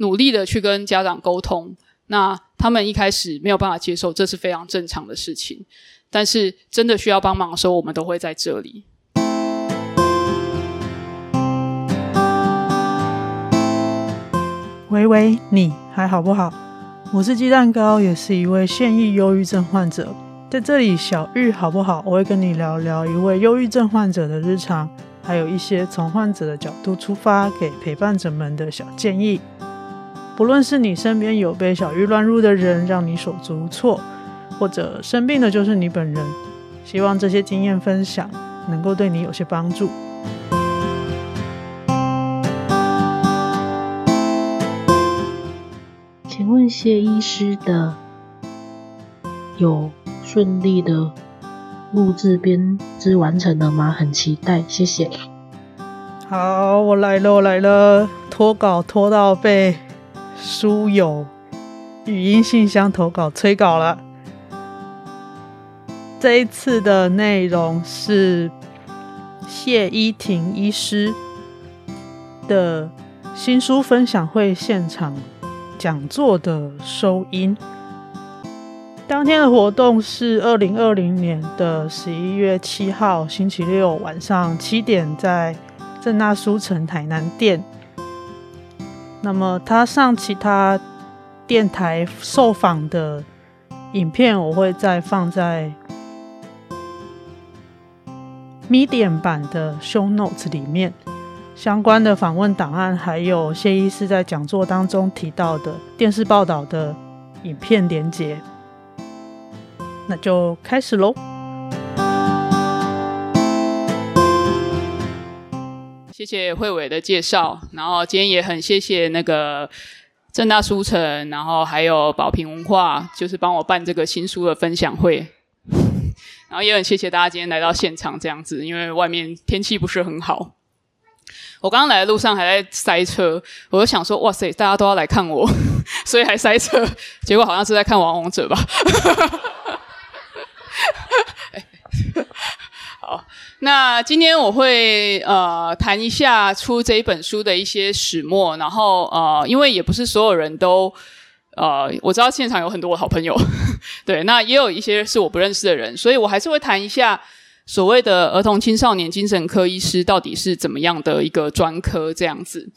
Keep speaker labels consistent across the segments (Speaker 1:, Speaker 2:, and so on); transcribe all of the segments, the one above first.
Speaker 1: 努力的去跟家長溝通，那他們一開始沒有辦法接受，這是非常正常的事情。但是真的需要幫忙的時候，我們都會在這裡。
Speaker 2: 喂喂，你還好不好？我是雞蛋糕，也是一位現役憂鬱症患者，在這裡，小玉好不好？我會跟你聊聊一位憂鬱症患者的日常，還有一些從患者的角度出發給陪伴者們的小建議。無論是你身邊有被小鬱亂入的人，讓你手足無措，或者生病的就是你本人，希望這些經驗分享能夠對你有些幫助。
Speaker 3: 請問謝醫師的有順利的錄製編織完成了嗎？很期待，謝謝。
Speaker 2: 好，我來了，我來了，拖稿拖到背。書友語音信箱投稿催稿了，這一次的內容是謝依婷醫師的新書分享會現場講座的收音。當天的活動是二零二零年的十一月七號星期六晚上七點，在政大書城台南店。那麼，他上其他電台受訪的影片，我會再放在 Medium 版的 Show Notes 裡面。相關的訪問檔案，還有謝醫師在講座當中提到的電視報道的影片連結，那就開始嘍。
Speaker 1: 謝謝惠偉的介紹，然後今天也很謝謝那個政大書城，然後還有寶瓶文化，就是幫我辦這個新書的分享會。然後也很謝謝大家今天來到現場這樣子，因為外面天氣不是很好。我剛剛來的路上還在塞車，我就想說哇塞，大家都要來看我，所以還塞車。結果好像是在看《王王者》吧。 好，那今天我會呃談一下出這一本書的一些始末，然後呃，因為也不是所有人都呃，我知道現場有很多好朋友呵呵，對，那也有一些是我不認識的人，所以我還是會談一下所謂的兒童青少年精神科醫師到底是怎麼樣的一個專科這樣子，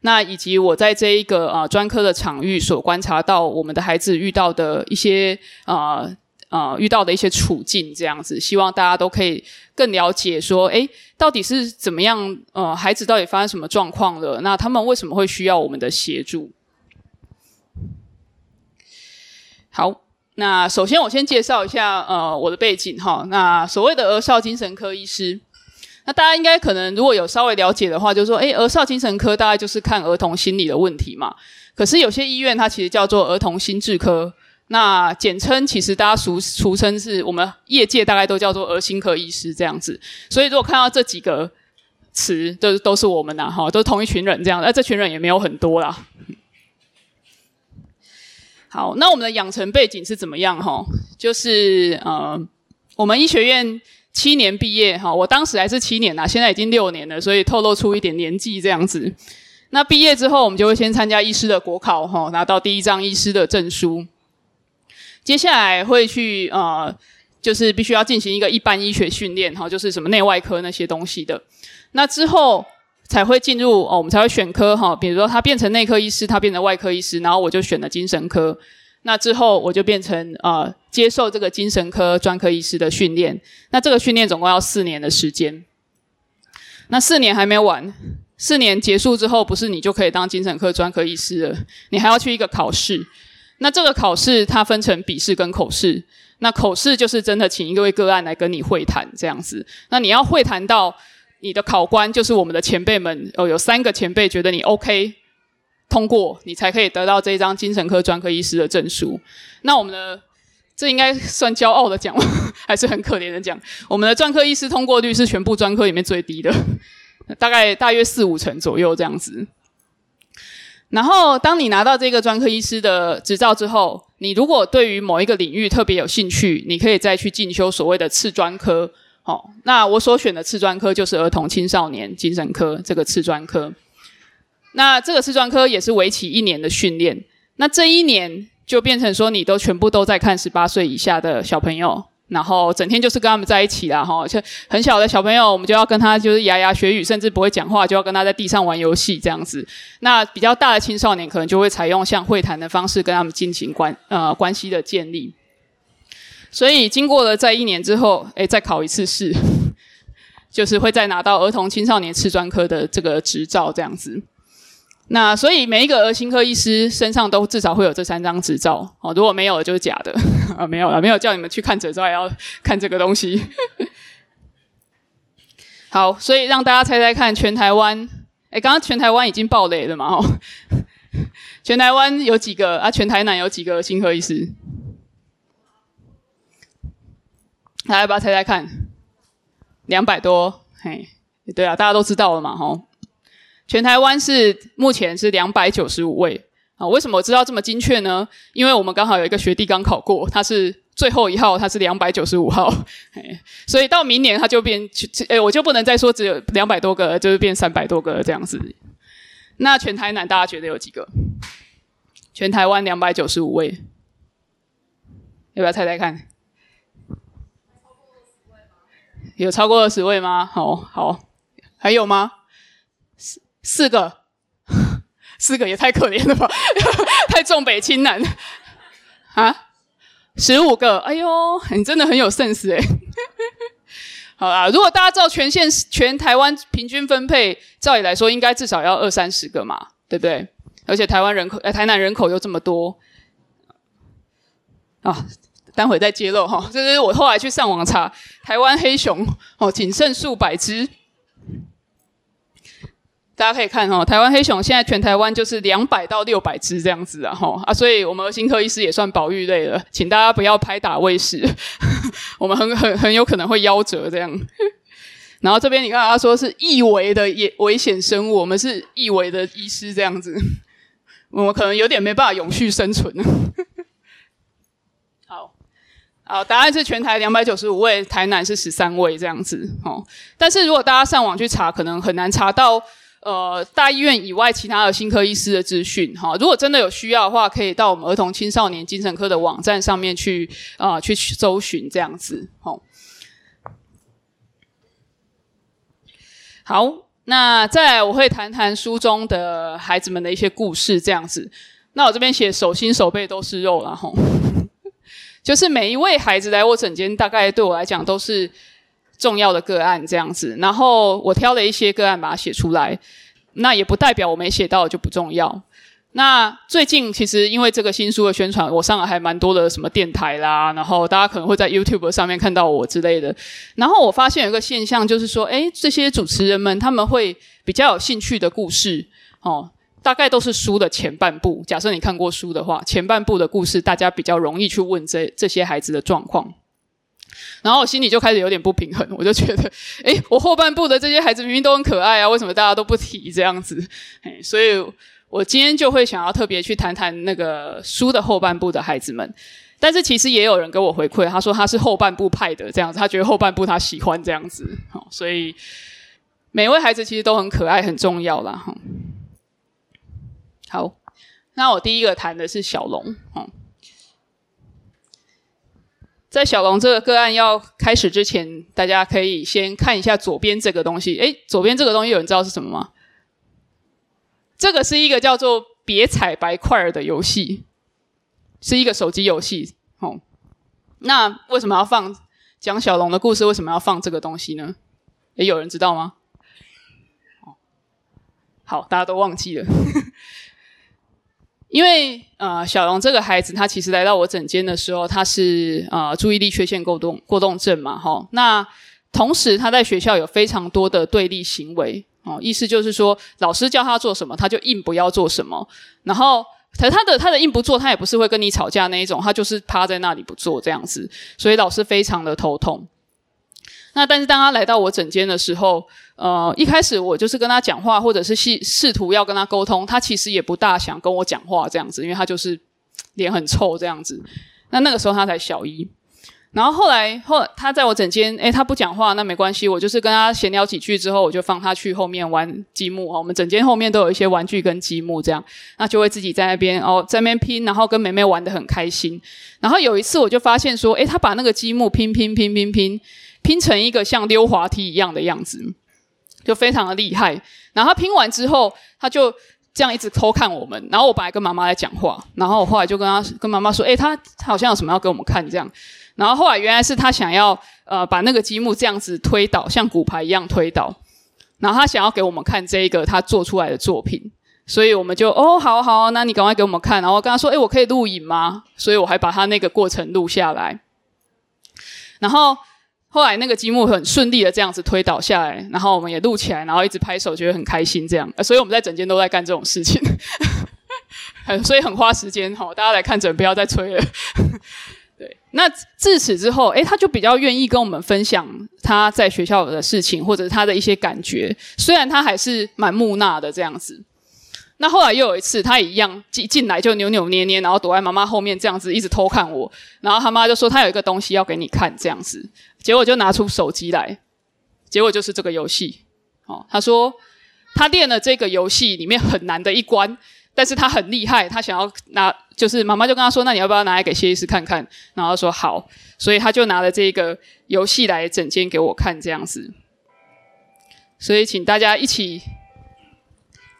Speaker 1: 那以及我在這一個呃專科的場域所觀察到我們的孩子遇到的一些呃。呃，遇到的一些處境這樣子，希望大家都可以更了解，說，誒，到底是怎麼樣？呃，孩子到底發生什麼狀況了？那他們為什麼會需要我們的協助？好，那首先我先介紹一下，呃，我的背景哈、哦。那所謂的兒少精神科醫師，那大家應該可能如果有稍微了解的話，就是說，誒，兒少精神科大概就是看兒童心理的問題嘛。可是有些醫院它其實叫做兒童心智科。那簡稱其實大家俗俗稱，是我們業界大概都叫做“兒心科醫師”這樣子，所以如果看到這幾個詞，都都是我們啦、啊、哈，都是同一群人這樣。那這群人也沒有很多啦。好，那我們的養成背景是怎麼樣？哈，就是呃，我們醫學院七年畢業，哈，我當時還是七年啦，現在已經六年了，所以透露出一點年紀這樣子。那畢業之後，我們就會先參加醫師的國考，哈，拿到第一張醫師的證書。接下來會去呃，就是必須要進行一個一般醫學訓練，哈、哦，就是什麼內外科那些東西的。那之後才會進入哦，我們才會選科哈、哦，比如說他變成內科醫師，他變成外科醫師，然後我就選了精神科。那之後我就變成啊、呃，接受這個精神科專科醫師的訓練。那這個訓練總共要四年的時間。那四年還沒完，四年結束之後，不是你就可以當精神科專科醫師了？你還要去一個考試。那這個考試它分成筆試跟口試，那口試就是真的請一位個案來跟你會談這樣子，那你要會談到你的考官就是我們的前輩們哦，有三個前輩覺得你 OK 通過，你才可以得到這一張精神科專科醫師的證書。那我們的這應該算驕傲的講，還是很可憐的講，我們的專科醫師通過率是全部專科裡面最低的，大概大約四五成左右這樣子。然後，當你拿到這個專科醫師的執照之後，你如果對於某一個領域特別有興趣，你可以再去進修所謂的次專科。好、哦，那我所選的次專科就是兒童青少年精神科這個次專科。那這個次專科也是為期一年的訓練。那這一年就變成說，你都全部都在看十八歲以下的小朋友。然後整天就是跟他們在一起啦，哈！就很小的小朋友，我們就要跟他就是牙牙學語，甚至不會講話，就要跟他在地上玩遊戲這樣子。那比較大的青少年，可能就會採用像會談的方式跟他們進行關呃關係的建立。所以經過了在一年之後，哎，再考一次試，就是會再拿到兒童青少年次專科的這個執照這樣子。那所以每一個兒心科醫師身上都至少會有這三張執照哦，如果沒有就是假的啊，沒有了，沒有叫你們去看執照也要看這個東西。 好，所以讓大家猜猜看，全台灣，哎、欸，剛剛全台灣已經爆雷了嘛吼、哦，全台灣有幾個啊？全台南有幾個心科醫師？來，大家猜猜看，兩百多，嘿，對啊，大家都知道了嘛吼。哦全台灣是目前是兩百九十五位啊、哦，為什麼我知道這麼精確呢？因為我們剛好有一個學弟剛考過，他是最後一號，他是兩百九十五號，所以到明年他就變，哎、欸，我就不能再說只有兩百多個了，就是變三百多個了這樣子。那全台南大家覺得有幾個？全台灣兩百九十五位，要不要猜猜看？超過二十位嗎？有超過二十位嗎？好、哦、好，還有嗎？四個，四個也太可憐了吧，太重北輕南了啊！十五個，哎呦，你真的很有 sense 欸！好啦，如果大家照全縣全台灣平均分配，照理來說應該至少要二三十個嘛，對不對？而且台灣人口，呃，台南人口又這麼多啊！待會再揭露哈，這是我後來去上網查，台灣黑熊哦，僅剩數百只。大家可以看哦，台灣黑熊現在全台灣就是兩百到六百只這樣子啊，哈啊，所以我們兒青科醫師也算保育類了，請大家不要拍打餵食，我們很很很有可能會夭折這樣。然後這邊你剛他說是易危的危險生物，我們是易危的醫師這樣子，我們可能有點沒辦法永續生存。好，好，答案是全台兩百九十五位，台南是十三位這樣子哦。但是如果大家上網去查，可能很難查到。呃，大醫院以外其他的新科醫師的資訊，哈、哦，如果真的有需要的話，可以到我們兒童青少年精神科的網站上面去啊、呃，去搜尋這樣子，好、哦。好，那再來我會談談書中的孩子們的一些故事，這樣子。那我這邊寫手心手背都是肉啦，然、哦、後 就是每一位孩子來我診間，大概對我來講都是。重要的個案這樣子，然後我挑了一些個案把它寫出來，那也不代表我沒寫到就不重要。那最近其實因為這個新書的宣傳，我上了還蠻多的什麼電台啦，然後大家可能會在 YouTube 上面看到我之類的。然後我發現有一個現象，就是說，誒，這些主持人們他們會比較有興趣的故事，哦，大概都是書的前半部。假設你看過書的話，前半部的故事大家比較容易去問這這些孩子的狀況。然後我心裡就開始有點不平衡，我就覺得，誒，我後半部的這些孩子明明都很可愛啊，為什麼大家都不提這樣子？誒，所以我今天就會想要特別去談談那個書的後半部的孩子們。但是其實也有人跟我回饋，他說他是後半部派的這樣子，他覺得後半部他喜歡這樣子。好，所以每位孩子其實都很可愛，很重要啦。好，那我第一個談的是小龍。在小龍這個個案要開始之前，大家可以先看一下左邊這個東西。誒，左邊這個東西有人知道是什麼嗎？這個是一個叫做“別踩白塊兒”的遊戲，是一個手機遊戲。哦，那為什麼要放講小龍的故事？為什麼要放這個東西呢？誒，有人知道嗎？哦，好，大家都忘記了。 因為呃，小龍這個孩子，他其實來到我診間的時候，他是呃注意力缺陷過動過動症嘛，齁、哦。那同時他在學校有非常多的對立行為，哦，意思就是說老師叫他做什麼，他就硬不要做什麼。然後可是他的他的硬不做，他也不是會跟你吵架那一種，他就是趴在那裡不做這樣子，所以老師非常的頭痛。那但是當他來到我診間的時候，呃，一開始我就是跟他講話，或者是試試圖要跟他溝通，他其實也不大想跟我講話這樣子，因為他就是臉很臭這樣子。那那個時候他才小一，然後後來後來他在我診間，哎，他不講話，那沒關係，我就是跟他閒聊幾句之後，我就放他去後面玩積木、哦、我們診間後面都有一些玩具跟積木這樣，那就會自己在那邊哦，在那邊拼，然後跟妹妹玩得很開心。然後有一次我就發現說，哎，他把那個積木拼拼拼拼拼。拼拼拼拼拼成一個像溜滑梯一樣的樣子，就非常的厲害。然後他拼完之後，他就這樣一直偷看我們。然後我本來跟媽媽在講話。然後我後來就跟他跟媽媽說：“哎，他他好像有什麼要給我們看這樣。”然後後來原來是他想要呃把那個積木這樣子推倒，像骨牌一樣推倒。然後他想要給我們看這一個他做出來的作品。所以我們就哦好好，那你趕快給我們看。然後我跟他說：“哎，我可以錄影嗎？”所以我還把他那個過程錄下來。然後。後來那個積木很順利的這樣子推倒下來，然後我們也錄起來，然後一直拍手，覺得很開心這樣。呃、所以我們在整間都在幹這種事情，很、 呃、所以很花時間。好、哦，大家來看診，不要再催了。 對，那至此之後，哎，他就比較願意跟我們分享他在學校的事情或者是他的一些感覺，雖然他還是蠻木訥的這樣子。那後來又有一次，他也一樣進進來，就扭扭捏捏，然後躲在媽媽後面這樣子，一直偷看我。然後他媽就說：“他有一個東西要給你看，這樣子。”結果就拿出手機來，結果就是這個遊戲。哦，他說他練了這個遊戲裡面很難的一關，但是他很厲害，他想要拿，就是媽媽就跟他說：“那你要不要拿來給謝醫師看看？”然後他說：“好。”所以他就拿了這個遊戲來診間給我看這樣子。所以，請大家一起。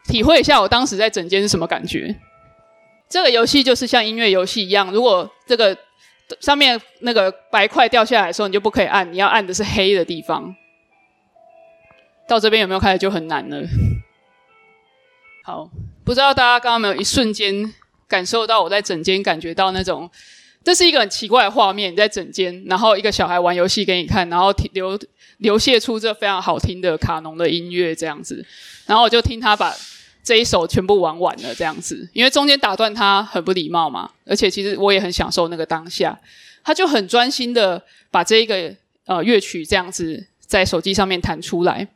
Speaker 1: 體會一下我當時在診間是什麼感覺？這個遊戲就是像音樂遊戲一樣，如果這個上面那個白塊掉下來的時候，你就不可以按，你要按的是黑的地方。到這邊有沒有開始就很難了。好，不知道大家剛剛有沒有一瞬間感受到我在診間感覺到那種，這是一個很奇怪的畫面，你在診間，然後一個小孩玩遊戲給你看，然後流流泄出這非常好聽的卡農的音樂這樣子，然後我就聽他把。這一首全部玩完了這樣子，因為中間打斷他很不禮貌嘛。而且其實我也很享受那個當下，他就很專心的把這一個呃樂曲這樣子在手機上面彈出來。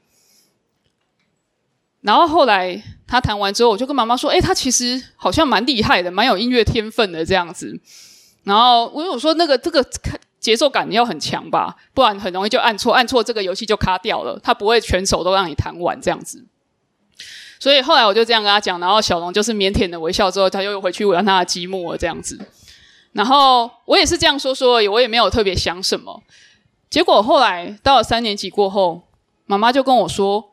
Speaker 1: 然後後來他彈完之後，我就跟媽媽說：“哎、欸，他其實好像蠻厲害的，蠻有音樂天分的這樣子。”然後我有說：“那個這個節奏感要很強吧，不然很容易就按錯，按錯這個遊戲就卡掉了。他不會全首都讓你彈完這樣子。”所以後來我就這樣跟他講，然後小龍就是腼腆的微笑之後，他又回去玩他的積木了這樣子。然後我也是這樣說說而已，我也沒有特別想什麼。結果後來到了三年級過後，媽媽就跟我說：“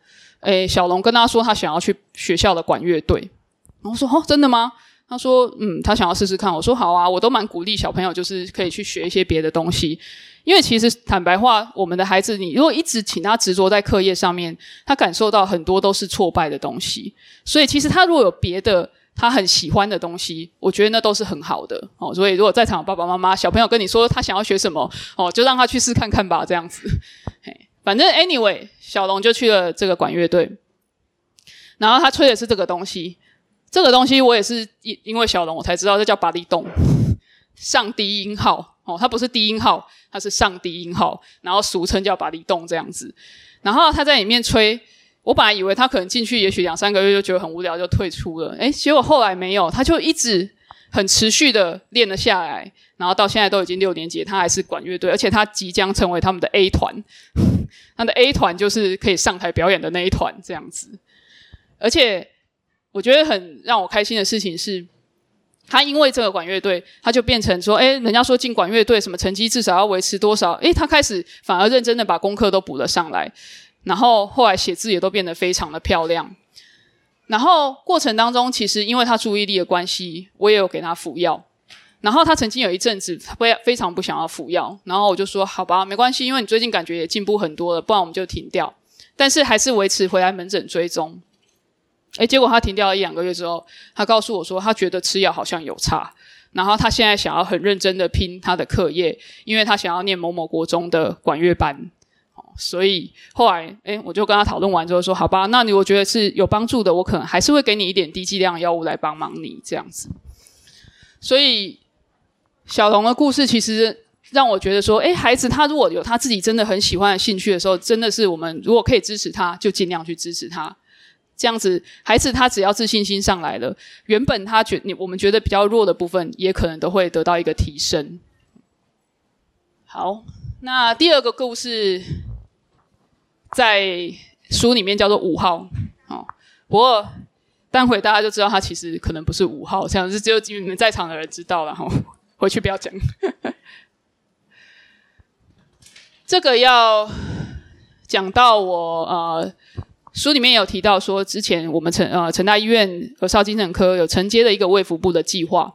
Speaker 1: 欸，小龍跟他說他想要去學校的管樂隊。”然後我說：“哦，真的嗎？”他說：“嗯，他想要試試看。”我說：“好啊，我都蠻鼓勵小朋友，就是可以去學一些別的東西，因為其實坦白話，我們的孩子，你如果一直請他執着在課業上面，他感受到很多都是挫敗的東西。所以其實他如果有別的他很喜歡的東西，我覺得那都是很好的哦。所以如果在場有爸爸媽媽、小朋友跟你說他想要學什麼哦，就讓他去試看看吧，這樣子。反正 anyway，小龍就去了這個管樂隊，然後他吹的是這個東西。”這個東西我也是因因為小龍我才知道，這叫巴里東，上低音號哦，它不是低音號，它是上低音號，然後俗稱叫巴里東這樣子。然後他在裡面吹，我本來以為他可能進去也許兩三個月就覺得很無聊就退出了，哎，結果後來沒有，他就一直很持續的練了下來，然後到現在都已經六年級，他還是管樂隊，而且他即將成為他們的 A 團，他的 A 團就是可以上台表演的那一團這樣子，而且。我覺得很讓我開心的事情是，他因為這個管樂隊，他就變成說：“誒，人家說進管樂隊什麼成績至少要維持多少？”誒，他開始反而認真的把功課都補了上來，然後後來寫字也都變得非常的漂亮。然後過程當中，其實因為他注意力的關係，我也有給他服藥。然後他曾經有一陣子，他非常不想要服藥，然後我就說：“好吧，沒關係，因為你最近感覺也進步很多了，不然我們就停掉。”但是還是維持回來門診追蹤。欸，結果他停掉了一兩個月之後，他告訴我說，他覺得吃藥好像有差，然後他現在想要很認真的拼他的課業，因為他想要念某某國中的管樂班，哦，所以後來，欸，我就跟他討論完之後說，好吧，那你我覺得是有幫助的，我可能還是會給你一點低劑量的藥物來幫忙你這樣子。所以，小童的故事其實讓我覺得說，欸，孩子他如果有他自己真的很喜歡的興趣的時候，真的是我們如果可以支持他，就盡量去支持他。這樣子，孩子他只要自信心上來了，原本他覺你我們覺得比較弱的部分，也可能都會得到一個提升。好，那第二個故事，在書裡面叫做五號，哦，不過待會大家就知道他其實可能不是五號，這樣子只有你們在場的人知道了，哈、哦，回去不要講。這個要講到我啊。呃書裡面有提到說，之前我們成呃成大醫院兒少精神科有承接了一個衛福部的計劃。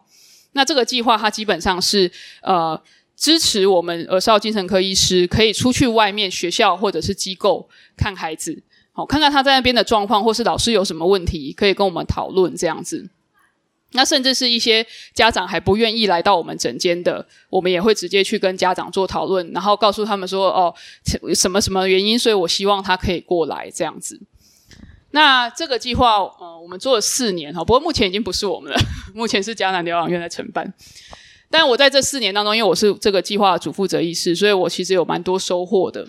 Speaker 1: 那這個計劃它基本上是呃支持我們兒少精神科醫師可以出去外面學校或者是機構看孩子，好、哦、看看他在那邊的狀況，或是老師有什麼問題可以跟我們討論這樣子。那甚至是一些家長還不願意來到我們診間的，我們也會直接去跟家長做討論，然後告訴他們說哦什麼什麼原因，所以我希望他可以過來這樣子。那這個計劃，呃，我們做了四年哈，不過目前已經不是我們了，目前是嘉南療養院在承辦。但我在這四年當中，因為我是這個計劃的主負責醫師，所以我其實有蠻多收穫的。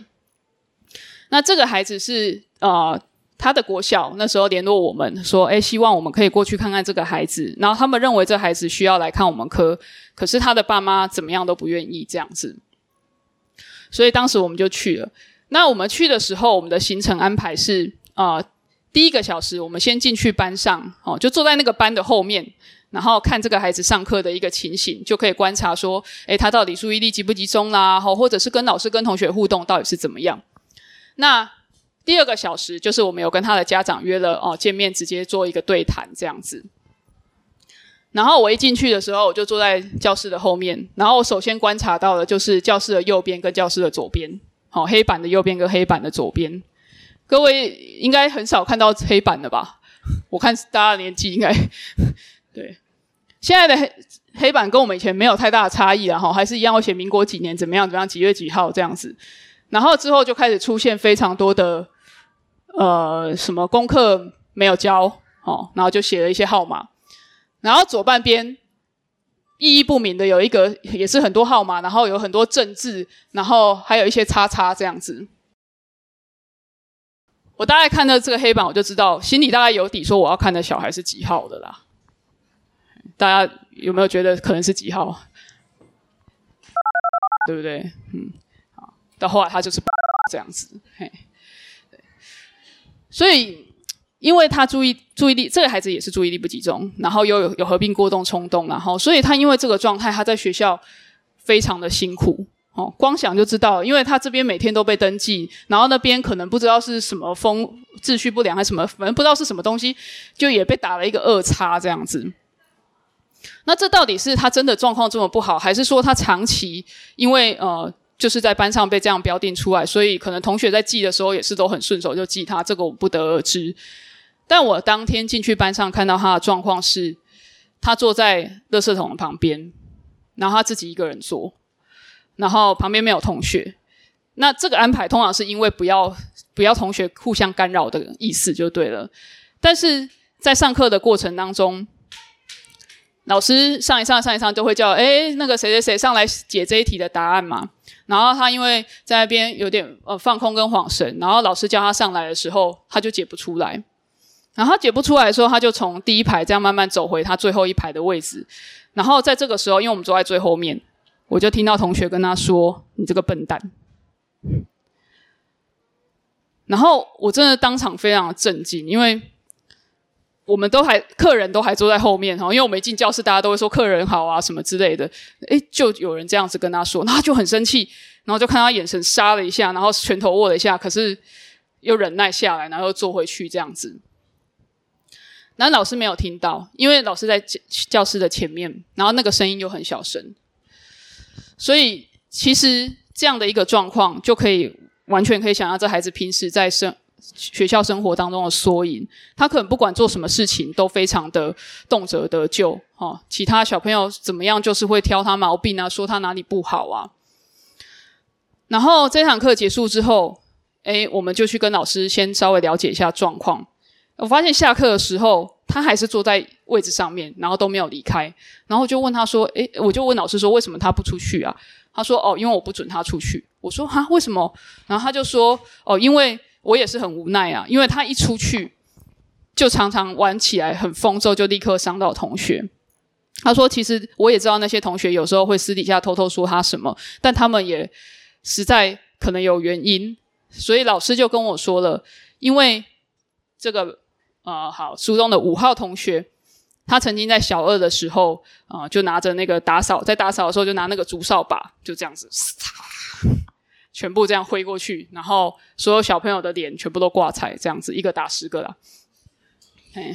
Speaker 1: 那這個孩子是呃，他的國小那時候聯絡我們說，誒，希望我們可以過去看看這個孩子，然後他們認為這孩子需要來看我們科，可是他的爸媽怎麼樣都不願意這樣子，所以當時我們就去了。那我們去的時候，我們的行程安排是呃……第一個小時，我們先進去班上，哦，就坐在那個班的後面，然後看這個孩子上課的一個情形，就可以觀察說，誒，他到底注意力集不集中啦、啊，或者是跟老師跟同學互動到底是怎麼樣。那第二個小時，就是我們有跟他的家長約了哦見面，直接做一個對談這樣子。然後我一進去的時候，我就坐在教室的後面，然後我首先觀察到的就是教室的右邊跟教室的左邊，好，黑板的右邊跟黑板的左邊。各位應該很少看到黑板了吧？我看大家的年紀應該對現在的黑黑板跟我們以前沒有太大的差異，然後還是一樣會寫民國幾年怎麼樣怎麼樣幾月幾號這樣子，然後之後就開始出現非常多的呃什麼功課沒有交哦，然後就寫了一些號碼，然後左半邊意義不明的有一個也是很多號碼，然後有很多政治，然後還有一些叉叉這樣子。我大概看到這個黑板，我就知道心裡大概有底，說我要看的小孩是幾號的啦。大家有沒有覺得可能是幾號？對不對？嗯，到後來，他就是這樣子，嘿。所以，因為他注意注意力，這個孩子也是注意力不集中，然後又有有合併過動衝動，然後，所以他因為這個狀態，他在學校非常的辛苦。哦，光想就知道了，因為他這邊每天都被登記，然後那邊可能不知道是什麼風秩序不良還是什麼，反正不知道是什麼東西，就也被打了一個二叉這樣子。那這到底是他真的狀況這麼不好，還是說他長期因為呃就是在班上被這樣標定出來，所以可能同學在記的時候也是都很順手就記他，這個我不得而知。但我當天進去班上看到他的狀況是，他坐在垃圾桶的旁邊，然後他自己一個人坐。然後旁邊沒有同學，那這個安排通常是因為不要不要同學互相干擾的意思就對了。但是在上課的過程當中，老師上一上上一上就會叫，哎，那個誰誰誰上來解這一題的答案嘛。然後他因為在那邊有點呃放空跟恍神，然後老師叫他上來的時候，他就解不出來。然後他解不出來的時候，他就從第一排這樣慢慢走回他最後一排的位置。然後在這個時候，因為我們坐在最後面。我就聽到同學跟他說：“你這個笨蛋。”然後我真的當場非常的震驚，因為我們都還客人都還坐在後面，因為我們一進教室，大家都會說“客人好”啊什麼之類的。誒，就有人這樣子跟他說，然後他就很生氣，然後就看他眼神殺了一下，然後拳頭握了一下，可是又忍耐下來，然後又坐回去這樣子。然後老師沒有聽到，因為老師在教教室的前面，然後那個聲音又很小聲。所以，其實這樣的一個狀況，就可以完全可以想象這孩子平時在生學校生活當中的縮影。他可能不管做什麼事情，都非常的動輒得咎。哦，其他小朋友怎麼樣，就是會挑他毛病啊，說他哪裡不好啊。然後這堂課結束之後，誒，我們就去跟老師先稍微了解一下狀況。我發現下課的時候，他還是坐在位置上面，然後都沒有離開，然後就問他說：“誒，我就問老師說，為什麼他不出去啊？”他說：“哦，因為我不准他出去。”我說：“哈，為什麼？”然後他就說：“哦，因為我也是很無奈啊，因為他一出去就常常玩起來很瘋，之後就立刻傷到同學。”他說：“其實我也知道那些同學有時候會私底下偷偷說他什麼，但他們也實在可能有原因，所以老師就跟我說了，因為這個。”啊、呃，好，書中的五號同學，他曾經在小二的時候，啊、呃，就拿着那個打掃，在打掃的時候就拿那個竹掃把，就這樣子，全部這樣揮過去，然後所有小朋友的臉全部都掛彩，這樣子一個打十個啦。哎，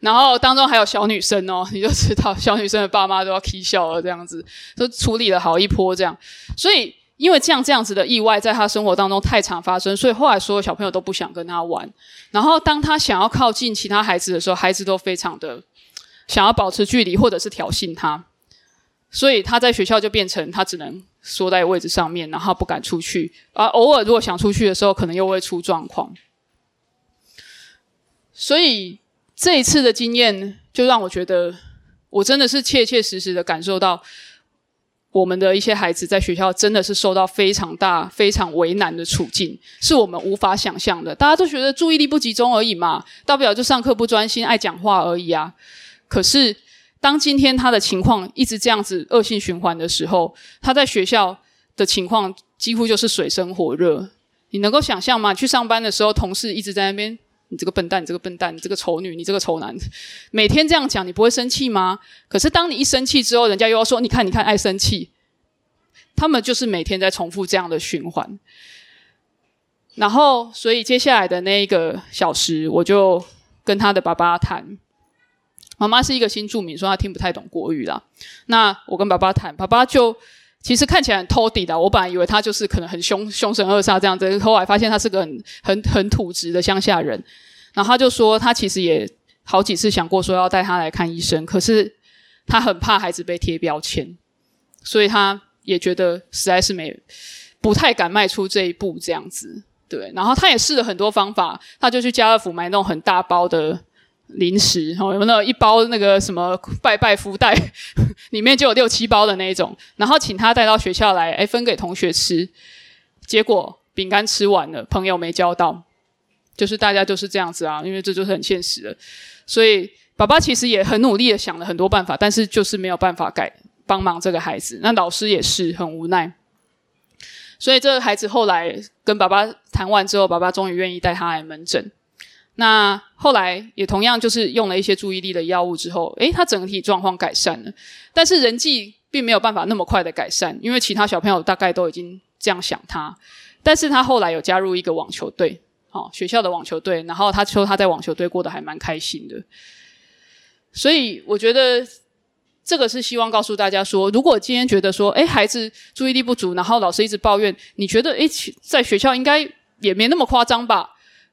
Speaker 1: 然後當中還有小女生哦，你就知道小女生的爸媽都要啼笑了，這樣子都處理了好一波這樣，所以。因為這樣這樣子的意外，在他生活當中太常發生，所以後來所有小朋友都不想跟他玩。然後當他想要靠近其他孩子的時候，孩子都非常的想要保持距離，或者是挑釁他。所以他在學校就變成他只能縮在位置上面，然後不敢出去。而、啊、偶爾如果想出去的時候，可能又會出狀況。所以這一次的經驗，就讓我覺得，我真的是切切實實的感受到。我們的一些孩子在學校真的是受到非常大、非常為難的處境，是我們無法想象的。大家都覺得注意力不集中而已嘛，大不了就上課不專心、愛講話而已啊。可是，當今天他的情況一直這樣子惡性循環的時候，他在學校的情況幾乎就是水深火熱。你能夠想象嗎？去上班的時候，同事一直在那邊。你這個笨蛋，你這個笨蛋，你這個醜女，你這個醜男，每天這樣講，你不會生氣嗎？可是當你一生氣之後，人家又要說，你看，你看，愛生氣。他們就是每天在重複這樣的循環。然後，所以接下來的那一個小時，我就跟他的爸爸談。媽媽是一個新住民，說她聽不太懂國語啦。那我跟爸爸談，爸爸就。其實看起來很偷底的，我本來以為他就是可能很兇、兇神惡煞這樣子，後來發現他是個很、很、很土直的鄉下人。然後他就說，他其實也好幾次想過說要帶他來看醫生，可是他很怕孩子被貼標籤，所以他也覺得實在是沒、不太敢邁出這一步這樣子。對，然後他也試了很多方法，他就去家樂福買那種很大包的。零食，有沒有那一包那個什麼拜拜福袋， 裡面就有六七包的那一種，然後請他帶到學校來，哎，分給同學吃。結果餅乾吃完了，朋友沒交到，就是大家就是這樣子啊，因為這就是很現實的。所以爸爸其實也很努力的想了很多辦法，但是就是沒有辦法改，幫忙這個孩子。那老師也是很無奈，所以這個孩子後來跟爸爸談完之後，爸爸終於願意帶他來門診。那後來也同樣就是用了一些注意力的藥物之後，誒，他整體狀況改善了，但是人際並沒有辦法那麼快的改善，因為其他小朋友大概都已經這樣想他，但是他後來有加入一個網球隊，哦，學校的網球隊，然後他說他在網球隊過得還蠻開心的，所以我覺得這個是希望告訴大家說，如果今天覺得說，誒，孩子注意力不足，然後老師一直抱怨，你覺得，誒，在學校應該也沒那麼誇張吧？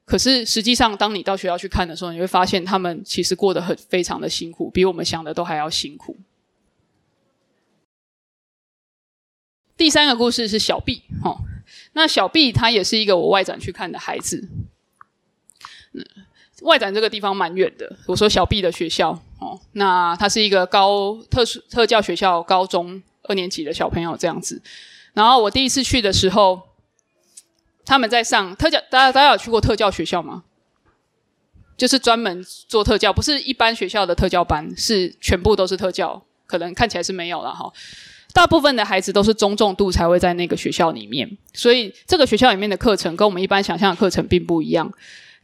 Speaker 1: 可是，實際上，當你到學校去看的時候，你會發現他們其實過得很非常的辛苦，比我們想的都還要辛苦。第三個故事是小 B 哦，那小 B 他也是一個我外展去看的孩子。外展這個地方蠻遠的，我說小 B 的學校哦，那他是一個高特殊特教學校高中二年級的小朋友這樣子。然後我第一次去的時候。他們在上特教，大家大家有去過特教學校嗎？就是專門做特教，不是一般學校的特教班，是全部都是特教。可能看起來是沒有啦哈，大部分的孩子都是中重度才會在那個學校裡面。所以這個學校裡面的課程跟我們一般想象的課程並不一樣。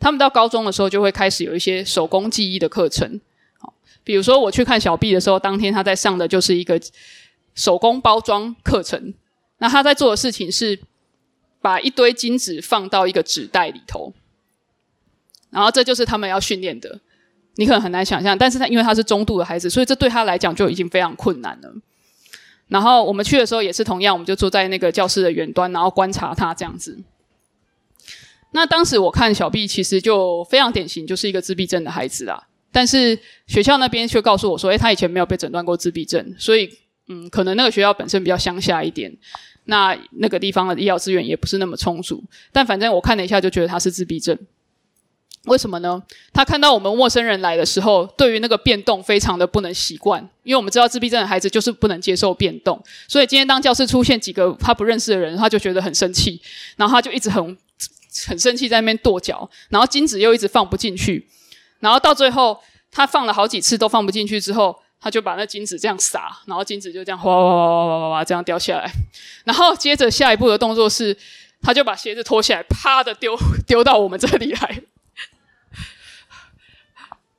Speaker 1: 他們到高中的時候就會開始有一些手工技藝的課程，好，比如說我去看小 B 的時候，當天他在上的就是一個手工包裝課程。那他在做的事情是，把一堆金紙放到一個紙袋裡頭，然後這就是他們要訓練的。你可能很難想象，但是他因為他是中度的孩子，所以這對他來講就已經非常困難了。然後我們去的時候也是同樣，我們就坐在那個教室的遠端，然後觀察他這樣子。那當時我看小 B 其實就非常典型，就是一個自閉症的孩子啦。但是學校那邊卻告訴我說，誒、欸，他以前沒有被診斷過自閉症，所以嗯，可能那個學校本身比較鄉下一點。那那個地方的醫療資源也不是那麼充足，但反正我看了一下就覺得他是自閉症，為什麼呢？他看到我們陌生人來的時候，對於那個變動非常的不能習慣，因為我們知道自閉症的孩子就是不能接受變動，所以今天當教室出現幾個他不認識的人，他就覺得很生氣，然後他就一直很很生氣在那邊跺腳，然後精子又一直放不進去，然後到最後他放了好幾次都放不進去之後。他就把那金子這樣撒，然後金子就這樣嘩嘩嘩嘩嘩嘩這樣掉下來。然後接着下一步的動作是，他就把鞋子脫下來，啪的丟丟到我們這裡來。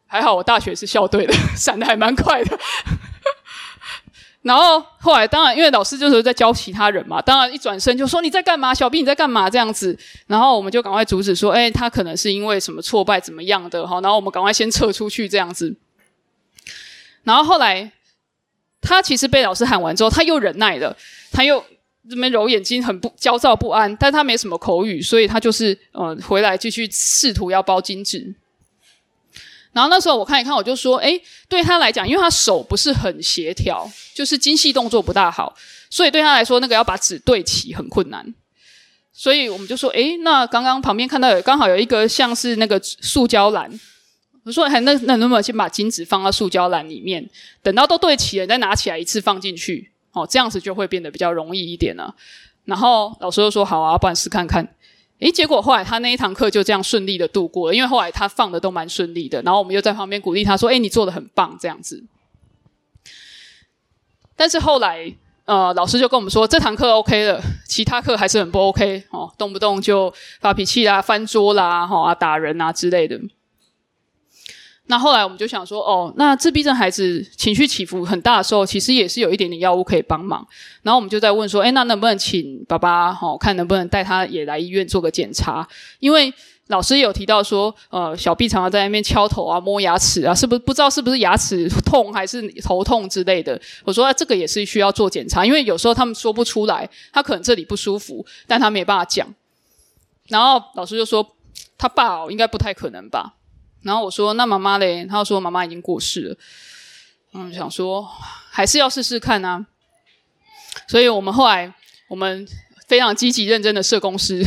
Speaker 1: 還好我大學是校隊的，閃的還蠻快的。然後後來當然因為老師就是在教其他人嘛，當然一轉身就說你在幹嘛，小 B 你在幹嘛這樣子。然後我們就趕快阻止說，哎、欸，他可能是因為什麼挫敗怎麼樣的，然後我們趕快先撤出去，這樣子。然後後來，他其實被老師喊完之後，他又忍耐了，他又這邊揉眼睛，很不焦躁不安，但他沒什麼口語，所以他就是呃回來繼續試圖要包金紙。然後那時候我看一看，我就說，哎，對他來講，因為他手不是很協調，就是精細動作不大好，所以對他來說，那個要把紙對齊很困難。所以我們就說，哎，那剛剛旁邊看到有剛好有一個像是那個塑膠籃。我說還：“哎，那那能不能先把金子放到塑膠籃裡面，等到都對齊了再拿起來一次放進去，哦，這樣子就會變得比較容易一點了、啊。”然後老師就說：“好啊，不然試看看。誒”誒結果後來他那一堂課就這樣順利的度過了，因為後來他放的都蠻順利的。然後我們又在旁邊鼓勵他說：“哎，你做的很棒，這樣子。”但是後來，呃，老師就跟我們說：“這堂課 OK 了，其他課還是很不 OK 哦，動不動就發脾氣啦、翻桌啦、哈、哦、啊、打人啊之類的。”那後來我們就想說，哦，那自閉症孩子情緒起伏很大的時候，其實也是有一點點藥物可以幫忙。然後我們就在問說，誒，那能不能請爸爸哈，哦，看能不能帶他也來醫院做個檢查？因為老師也有提到說，呃，小 B 常常在那邊敲頭啊、摸牙齒啊，是不是不知道是不是牙齒痛還是頭痛之類的？我說，啊，這個也是需要做檢查，因為有時候他們說不出來，他可能這裡不舒服，但他沒辦法講。然後老師就說，他爸哦，應該不太可能吧。然後我說：“那媽媽嘞？”他又說：“媽媽已經過世了。”嗯，想說還是要試試看啊。所以我們後來我們非常積極認真的社工師，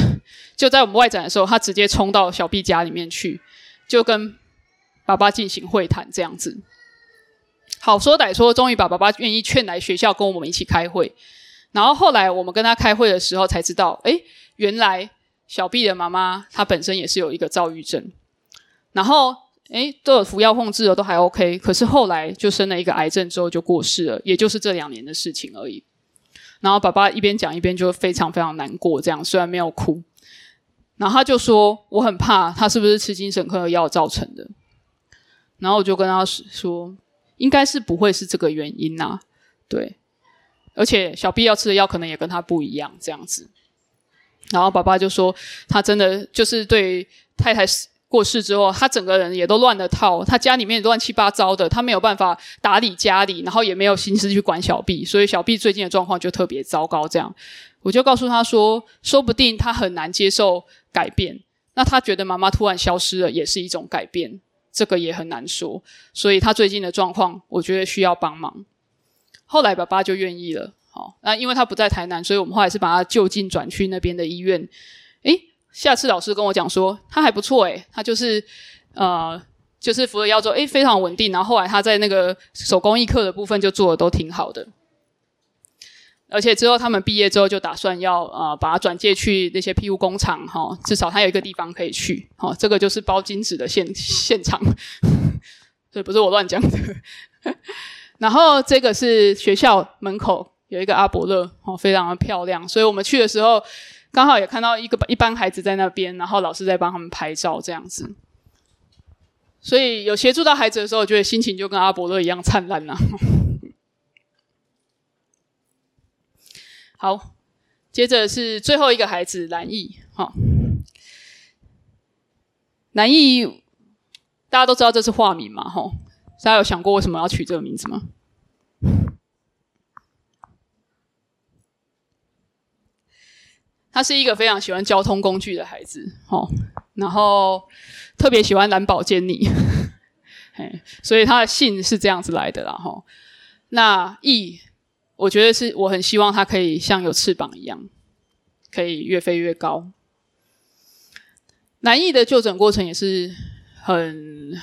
Speaker 1: 就在我們外展的時候，他直接衝到小 B 家裡面去，就跟爸爸進行會談，這樣子。好說歹說，終於把爸爸願意勸來學校跟我們一起開會。然後後來我們跟他開會的時候才知道，哎，原來小 B 的媽媽她本身也是有一個躁鬱症。然後，哎，都有服藥控制了，都還 OK。可是後來就生了一個癌症，之後就過世了，也就是這兩年的事情而已。然後爸爸一邊講一邊就非常非常難過，這樣雖然沒有哭。然後他就說：“我很怕他是不是吃精神科的藥造成的？”然後我就跟他說：“應該是不會是這個原因吶、啊，對。而且小 B 要吃的藥可能也跟他不一樣這樣子。”然後爸爸就說：“他真的就是對於太太。”過世之後，他整個人也都亂了套，他家裡面亂七八糟的，他沒有辦法打理家裡，然後也沒有心思去管小 B，所以小 B 最近的狀況就特別糟糕。這樣，我就告訴他說，說不定他很難接受改變。那他覺得媽媽突然消失了也是一種改變，這個也很難說。所以他最近的狀況，我覺得需要幫忙。後來爸爸就願意了，好，那因為他不在台南，所以我們後來是把他就近轉去那邊的醫院。下次老師跟我講說，他還不錯誒、欸、他就是，呃，就是服了藥之後誒、欸、非常穩定。然後後來他在那個手工藝課的部分就做得都挺好的，而且之後他們畢業之後就打算要呃，把它轉介去那些庇護工廠哈、哦，至少他有一個地方可以去。好、哦，這個就是包金紙的現現場，所 以不是我亂講的。 然後這個是學校門口有一個阿勃勒哦，非常的漂亮。所以我們去的時候。剛好也看到一個一班孩子在那邊，然後老師在幫他們拍照這樣子，所以有協助到孩子的時候，我覺得心情就跟阿勃勒一樣燦爛了。 好，接着是最後一個孩子南藝，好，南藝大家都知道這是化名嘛，哈，大家有想過為什麼要取這個名字嗎？他是一個非常喜歡交通工具的孩子，哦，然後特別喜歡藍寶堅尼，哎，所以他的姓是這樣子來的啦，然後，哦，那翼，我覺得是我很希望他可以像有翅膀一樣，可以越飛越高。南翼的就診過程也是很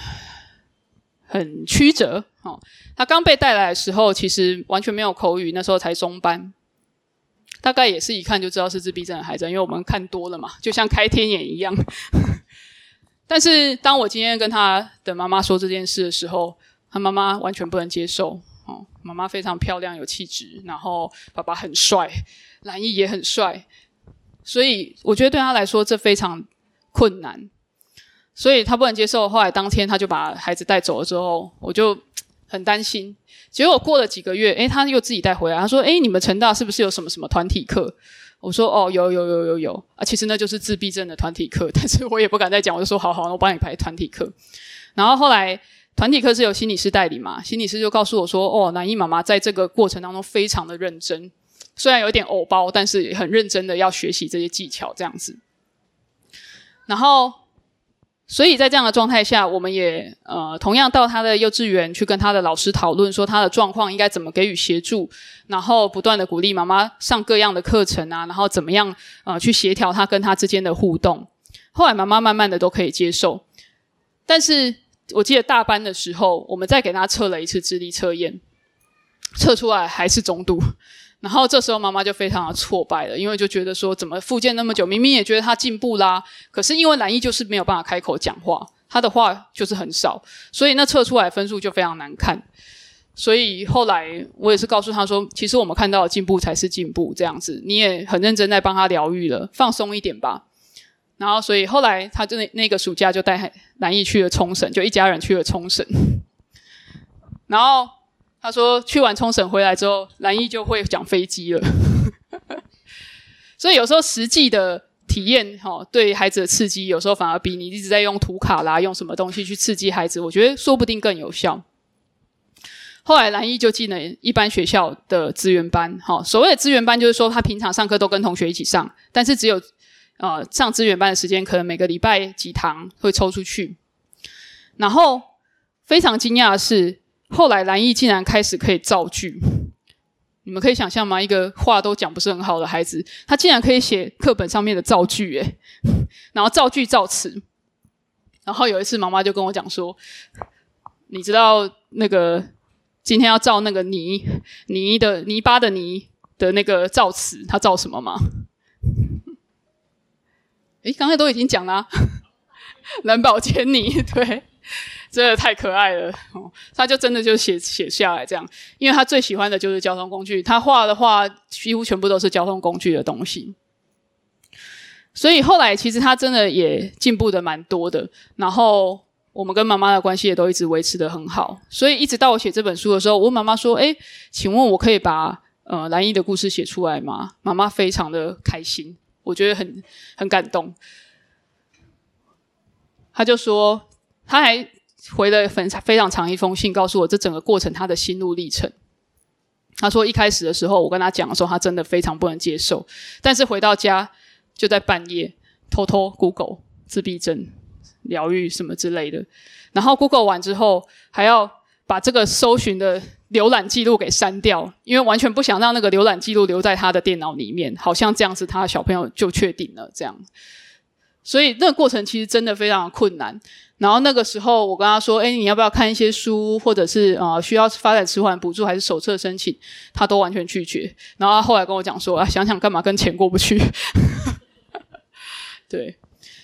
Speaker 1: 很曲折，哦，他剛被帶來的時候，其實完全沒有口語，那時候才中班。大概也是一看就知道是自閉症的孩子，因為我們看多了嘛，就像開天眼一樣。 但是當我今天跟他的媽媽說這件事的時候，他媽媽完全不能接受。哦，媽媽非常漂亮有氣質，然後爸爸很帥，藍毅也很帥，所以我覺得對他來說這非常困難，所以他不能接受。後來當天他就把孩子帶走了，之後我就。很擔心，結果過了幾個月，誒，他又自己帶回來。他說：“哎，你們成大是不是有什麼什麼團體課？”我說：“哦，有有有有有啊，其實那就是自閉症的團體課。”但是我也不敢再講，我就說：“好好，我幫你排團體課。”然後後來團體課是由心理師代理嘛，心理師就告訴我說：“哦，南藝媽媽在這個過程當中非常的認真，雖然有點偶包，但是很認真的要學習這些技巧這樣子。”然後。所以在這樣的狀態下，我們也呃同樣到他的幼稚園去跟他的老師討論，說他的狀況應該怎麼給予協助，然後不斷的鼓勵媽媽上各樣的課程啊，然後怎麼樣呃去協調他跟他之間的互動。後來媽媽慢慢的都可以接受，但是我記得大班的時候，我們再給他測了一次智力測驗，測出來還是中度。然後這時候媽媽就非常的挫敗了，因為就覺得說怎麼復健那麼久，明明也覺得她進步啦，啊，可是因為蘭易就是沒有辦法開口講話，她的話就是很少，所以那測出來的分數就非常難看。所以後來我也是告訴她說，其實我們看到的進步才是進步，這樣子，你也很認真在幫她療癒了，放鬆一點吧。然後所以後來她就那那個暑假就帶蘭易去了沖繩，就一家人去了沖繩，然後。他說：“去完沖繩回來之後，藍毅就會講飛機了。 ”所以有時候實際的體驗，哈、哦，對孩子的刺激，有時候反而比你一直在用圖卡啦、用什麼東西去刺激孩子，我覺得說不定更有效。後來藍毅就進了一般學校的資源班，哈、哦，所謂的資源班就是說他平常上課都跟同學一起上，但是只有呃上資源班的時間，可能每個禮拜幾堂會抽出去。然後非常驚訝的是。後來藍易竟然開始可以造句，你們可以想象嗎？一個話都講不是很好的孩子，他竟然可以寫課本上面的造句，誒，然後造句造詞。然後有一次媽媽就跟我講說，你知道那個今天要造那個泥泥的泥巴的泥的那個造詞，他造什麼嗎？誒，剛才都已經講了，啊，藍寶堅尼對。真的太可愛了，嗯、他就真的就寫寫下來這樣，因為他最喜歡的就是交通工具，他畫的畫幾乎全部都是交通工具的東西。所以後來其實他真的也進步的蠻多的，然後我們跟媽媽的關係也都一直維持的很好。所以一直到我寫這本書的時候，我問媽媽說：“哎、欸，請問我可以把呃蘭姨的故事寫出來嗎？”媽媽非常的開心，我覺得很很感動。他就說，他還。回了非常長一封信，告訴我這整個過程他的心路歷程。他說一開始的時候，我跟他講的時候，他真的非常不能接受。但是回到家，就在半夜偷偷 Google 自閉症療育什麼之類的。然後 Google 完之後，還要把這個搜尋的瀏覽記錄給刪掉，因為完全不想讓那個瀏覽記錄留在他的電腦裡面，好像這樣子，他的小朋友就確定了這樣。所以那個過程其實真的非常的困難。然後那個時候，我跟他說：“哎、欸，你要不要看一些書，或者是啊、呃，需要發展遲緩補助還是手冊申請？”他都完全拒絕。然後他後來跟我講說：“啊，想想幹嘛跟錢過不去。 ”對，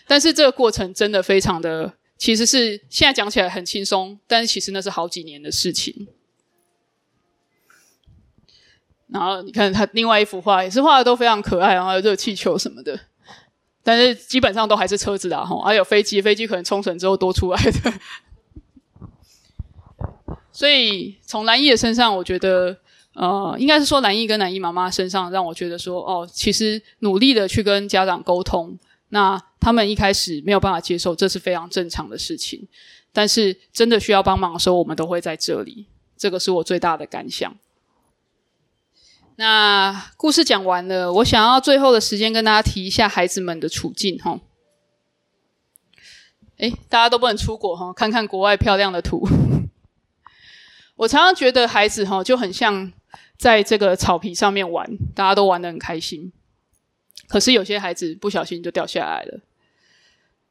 Speaker 1: 但是這個過程真的非常的，其實是現在講起來很輕鬆，但是其實那是好幾年的事情。然後你看他另外一幅畫，也是畫的都非常可愛、啊，然後熱氣球什麼的。但是基本上都還是車子啊，吼，還有飛機，飛機可能沖繩之後多出來的。 所以從蘭一的身上，我覺得，呃，應該是說蘭一跟蘭一媽媽身上，讓我覺得說，哦，其實努力的去跟家長溝通，那他們一開始沒有辦法接受，這是非常正常的事情。但是真的需要幫忙的時候，我們都會在這裡，這個是我最大的感想。那故事講完了，我想要最後的時間跟大家提一下孩子們的處境哈。哎、哦，大家都不能出國哈、哦，看看國外漂亮的圖。 我常常覺得孩子哈、哦、就很像在這個草坪上面玩，大家都玩得很開心。可是有些孩子不小心就掉下來了。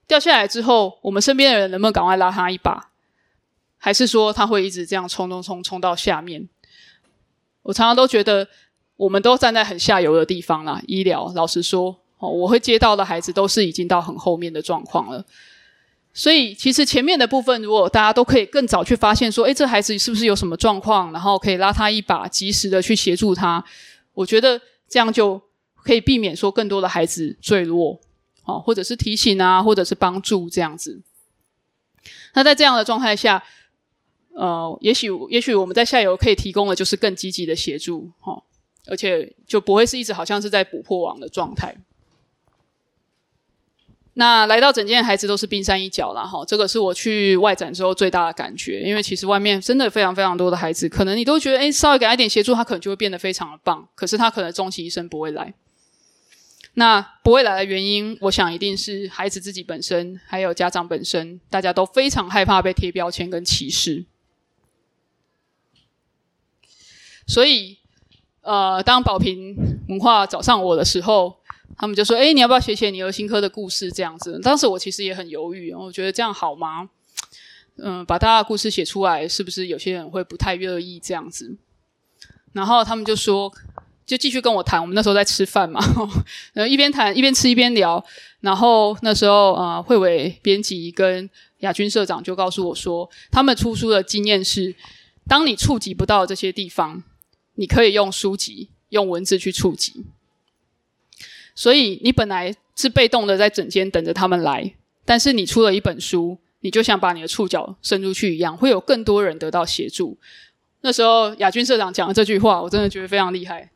Speaker 1: 掉下來之後，我們身邊的人能不能趕快拉他一把？還是說他會一直這樣衝衝衝衝到下面？我常常都覺得。我們都站在很下游的地方啦，醫療，老實說，哦，我會接到的孩子都是已經到很後面的狀況了。所以，其實前面的部分，如果大家都可以更早去發現說，哎，這孩子是不是有什麼狀況，然後可以拉他一把，及時的去協助他，我覺得這樣就可以避免說更多的孩子墜落，哦，或者是提醒啊，或者是幫助這樣子。那在這樣的狀態下，呃，也許，也許我們在下游可以提供的就是更積極的協助，哈，哦。而且就不會是一直好像是在補破網的狀態。那來到整間孩子都是冰山一角了哈，這個是我去外展之後最大的感覺，因為其實外面真的非常非常多的孩子，可能你都覺得哎、欸，稍微給他一點協助，他可能就會變得非常的棒，可是他可能終其一生不會來。那不會來的原因，我想一定是孩子自己本身，還有家長本身，大家都非常害怕被貼標籤跟歧視，所以。呃，當寶瓶文化找上我的時候，他們就說：“哎、欸，你要不要寫寫你兒心科的故事？”這樣子。當時我其實也很猶豫，我覺得這樣好嗎？嗯、呃，把大家的故事寫出來，是不是有些人會不太樂意這樣子？然後他們就說，就繼續跟我談。我們那時候在吃飯嘛，然後一邊談一邊吃一邊聊。然後那時候呃惠偉編輯跟亞君社長就告訴我說，他們出書的經驗是，當你觸及不到這些地方。你可以用書籍、用文字去觸及，所以你本來是被動的，在診間等着他們來。但是你出了一本書，你就像把你的觸角伸出去一樣，會有更多人得到協助。那時候，亞君社長講的這句話，我真的覺得非常厲害。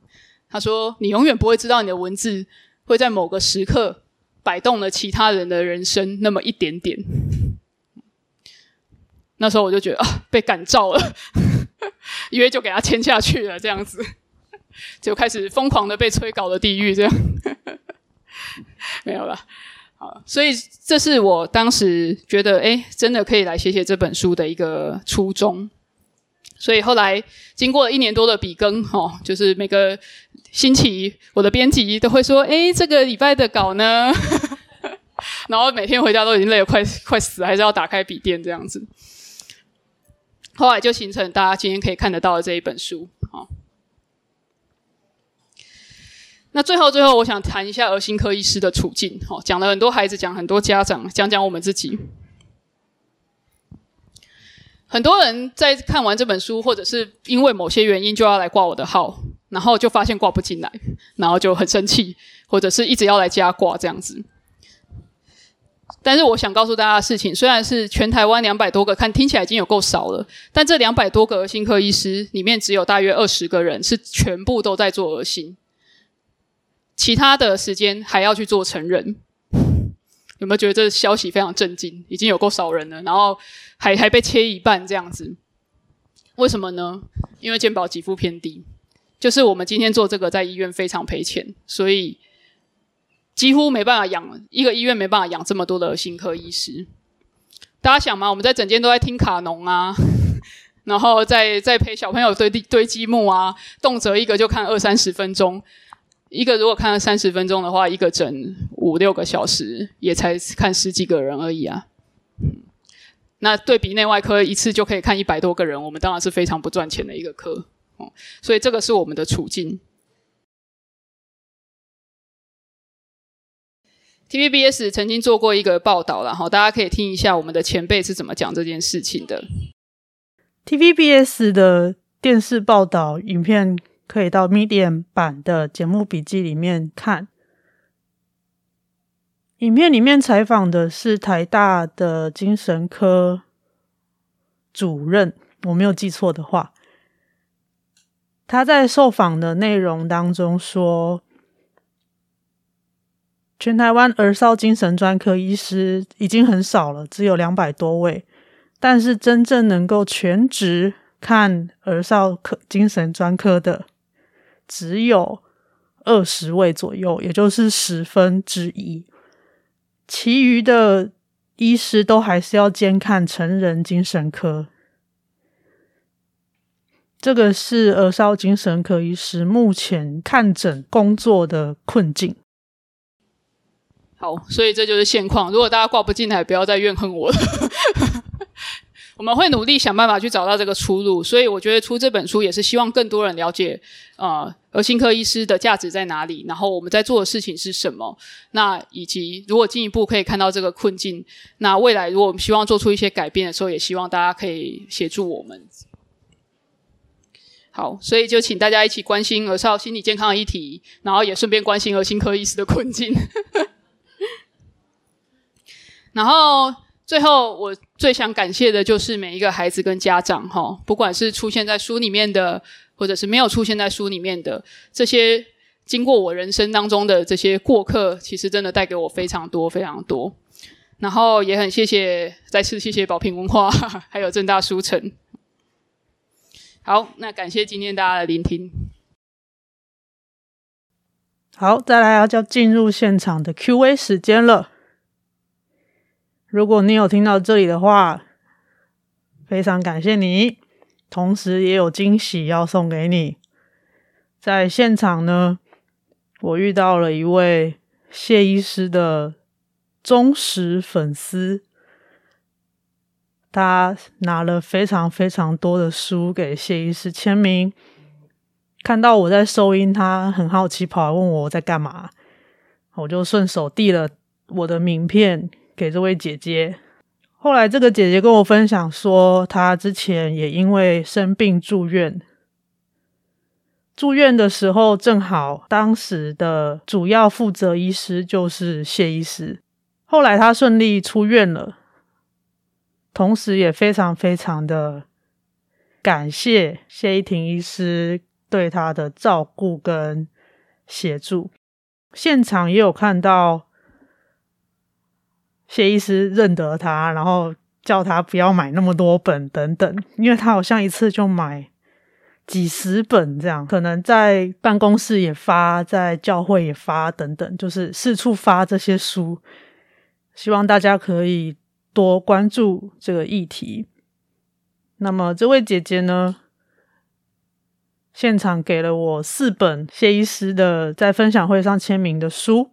Speaker 1: 他說：“你永遠不會知道你的文字會在某個時刻擺動了其他人的人生那麼一點點。”那時候我就覺得啊，被感召了。因為就給他簽下去了，這樣子就開始瘋狂的被催稿的地獄，這樣沒有啦。好，所以這是我當時覺得，誒，真的可以來寫寫這本書的一個初衷。所以後來經過了一年多的筆耕，哈、哦，就是每個星期我的編輯都會說，哎，這個禮拜的稿呢，然後每天回家都已經累得快快死了，還是要打開筆電這樣子。後來就形成大家今天可以看得到的這一本書。好，那最後最後，我想談一下兒心科醫師的處境。好，講了很多孩子，講很多家長，講講我們自己。很多人在看完這本書，或者是因為某些原因就要來掛我的號，然後就發現掛不進來，然後就很生氣，或者是一直要來加掛這樣子。但是我想告訴大家的事情，雖然是全台灣兩百多個，看聽起來已經有夠少了，但這兩百多個兒心科醫師裡面，只有大約二十個人是全部都在做兒心，其他的時間還要去做成人。有沒有覺得這消息非常震驚？已經有夠少人了，然後還還被切一半這樣子，為什麼呢？因為健保給付偏低，就是我們今天做這個在醫院非常賠錢，所以。幾乎沒辦法養一個醫院，沒辦法養這麼多的兒心科醫師。大家想嘛，我們在診間都在聽卡農啊，然後在在陪小朋友堆堆積木啊，動輒一個就看二三十分鐘，一個如果看了三十分鐘的話，一個診五六個小時也才看十幾個人而已啊。那對比內外科，一次就可以看一百多個人，我們當然是非常不賺錢的一個科。所以這個是我們的處境。TVBS 曾經做過一個報道，然後大家可以聽一下我們的前輩是怎麼講這件事情的。
Speaker 2: TVBS 的電視報道影片可以到 Medium 版的節目筆記裡面看。影片裡面採訪的是台大的精神科主任，我沒有記錯的話，他在受訪的內容當中說，全台灣兒少精神專科醫師已經很少了，只有兩百多位。但是真正能夠全職看兒少科精神專科的，只有二十位左右，也就是十分之一。其餘的醫師都還是要兼看成人精神科。這個是兒少精神科醫師目前看診工作的困境。
Speaker 1: 好，所以這就是現況。如果大家掛不進來，不要再怨恨我了。 我們會努力想辦法去找到這個出路。所以我覺得出這本書也是希望更多人了解，呃，兒心科醫師的價值在哪裡，然後我們在做的事情是什麼。那以及如果進一步可以看到這個困境，那未來如果我們希望做出一些改變的時候，也希望大家可以協助我們。好，所以就請大家一起關心兒少心理健康的議題，然後也順便關心兒心科醫師的困境。 然後，最後我最想感謝的就是每一個孩子跟家長，哈，不管是出現在書裡面的，或者是沒有出現在書裡面的這些經過我人生當中的這些過客，其實真的帶給我非常多非常多。然後也很謝謝，再次謝謝寶瓶文化，還有政大書城。好，那感謝今天大家的聆聽。
Speaker 2: 好，再來啊，就進入現場的 Q&A 時間了。如果你有聽到這裡的話，非常感謝你。同時也有驚喜要送給你。在現場呢，我遇到了一位謝醫師的忠實粉絲，他拿了非常非常多的書給謝醫師簽名。看到我在收音，他很好奇，跑來問我我在幹嘛，我就順手遞了我的名片。給這位姐姐。後來，這個姐姐跟我分享說，她之前也因為生病住院，住院的時候正好當時的主要負責醫師就是謝醫師。後來她順利出院了，同時也非常非常的感謝謝依婷醫師對她的照顧跟協助。現場也有看到。謝醫師認得他，然後叫他不要買那麼多本等等，因為他好像一次就買幾十本這樣，可能在辦公室也發，在教會也發等等，就是四處發這些書，希望大家可以多關注這個議題。那麼這位姐姐呢，現場給了我四本謝醫師的在分享會上簽名的書。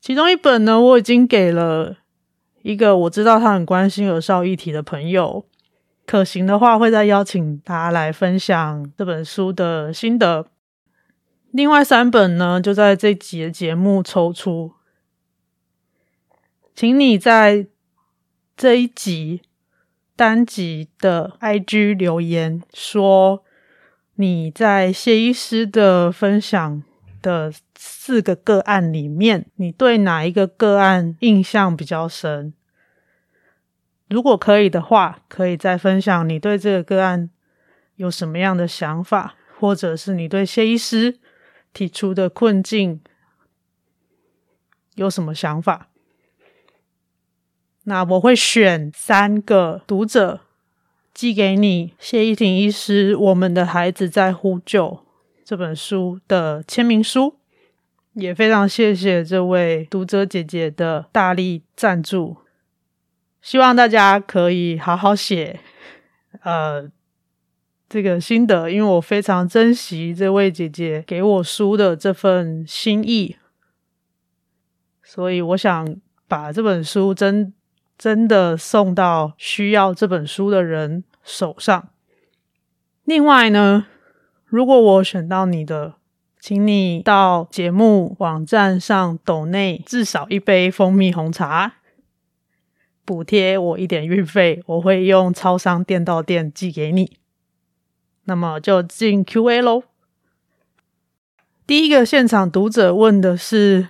Speaker 2: 其中一本呢，我已經給了一個我知道他很關心兒少議題的朋友，可行的話會再邀請他來分享這本書的心得。另外三本呢，就在這一集的節目抽出，請你在這一集單集的 IG 留言說你在謝醫師的分享的。四個個案裡面，你對哪一個個案印象比較深？如果可以的話，可以再分享你對這個個案有什麼樣的想法，或者是你對謝醫師提出的困境有什麼想法？那我會選三個讀者寄給你謝依婷醫師，《我們的孩子在呼救》這本書的簽名書。也非常謝謝這位讀者姐姐的大力贊助，希望大家可以好好寫，呃，這個心得，因為我非常珍惜這位姐姐給我書的這份心意，所以我想把這本書真真的送到需要這本書的人手上。另外呢，如果我選到你的。請你到節目網站上抖內至少一杯蜂蜜紅茶，補貼我一點運費，我會用超商店到店寄給你。那麼就進 Q&A 嘍。第一個現場讀者問的是：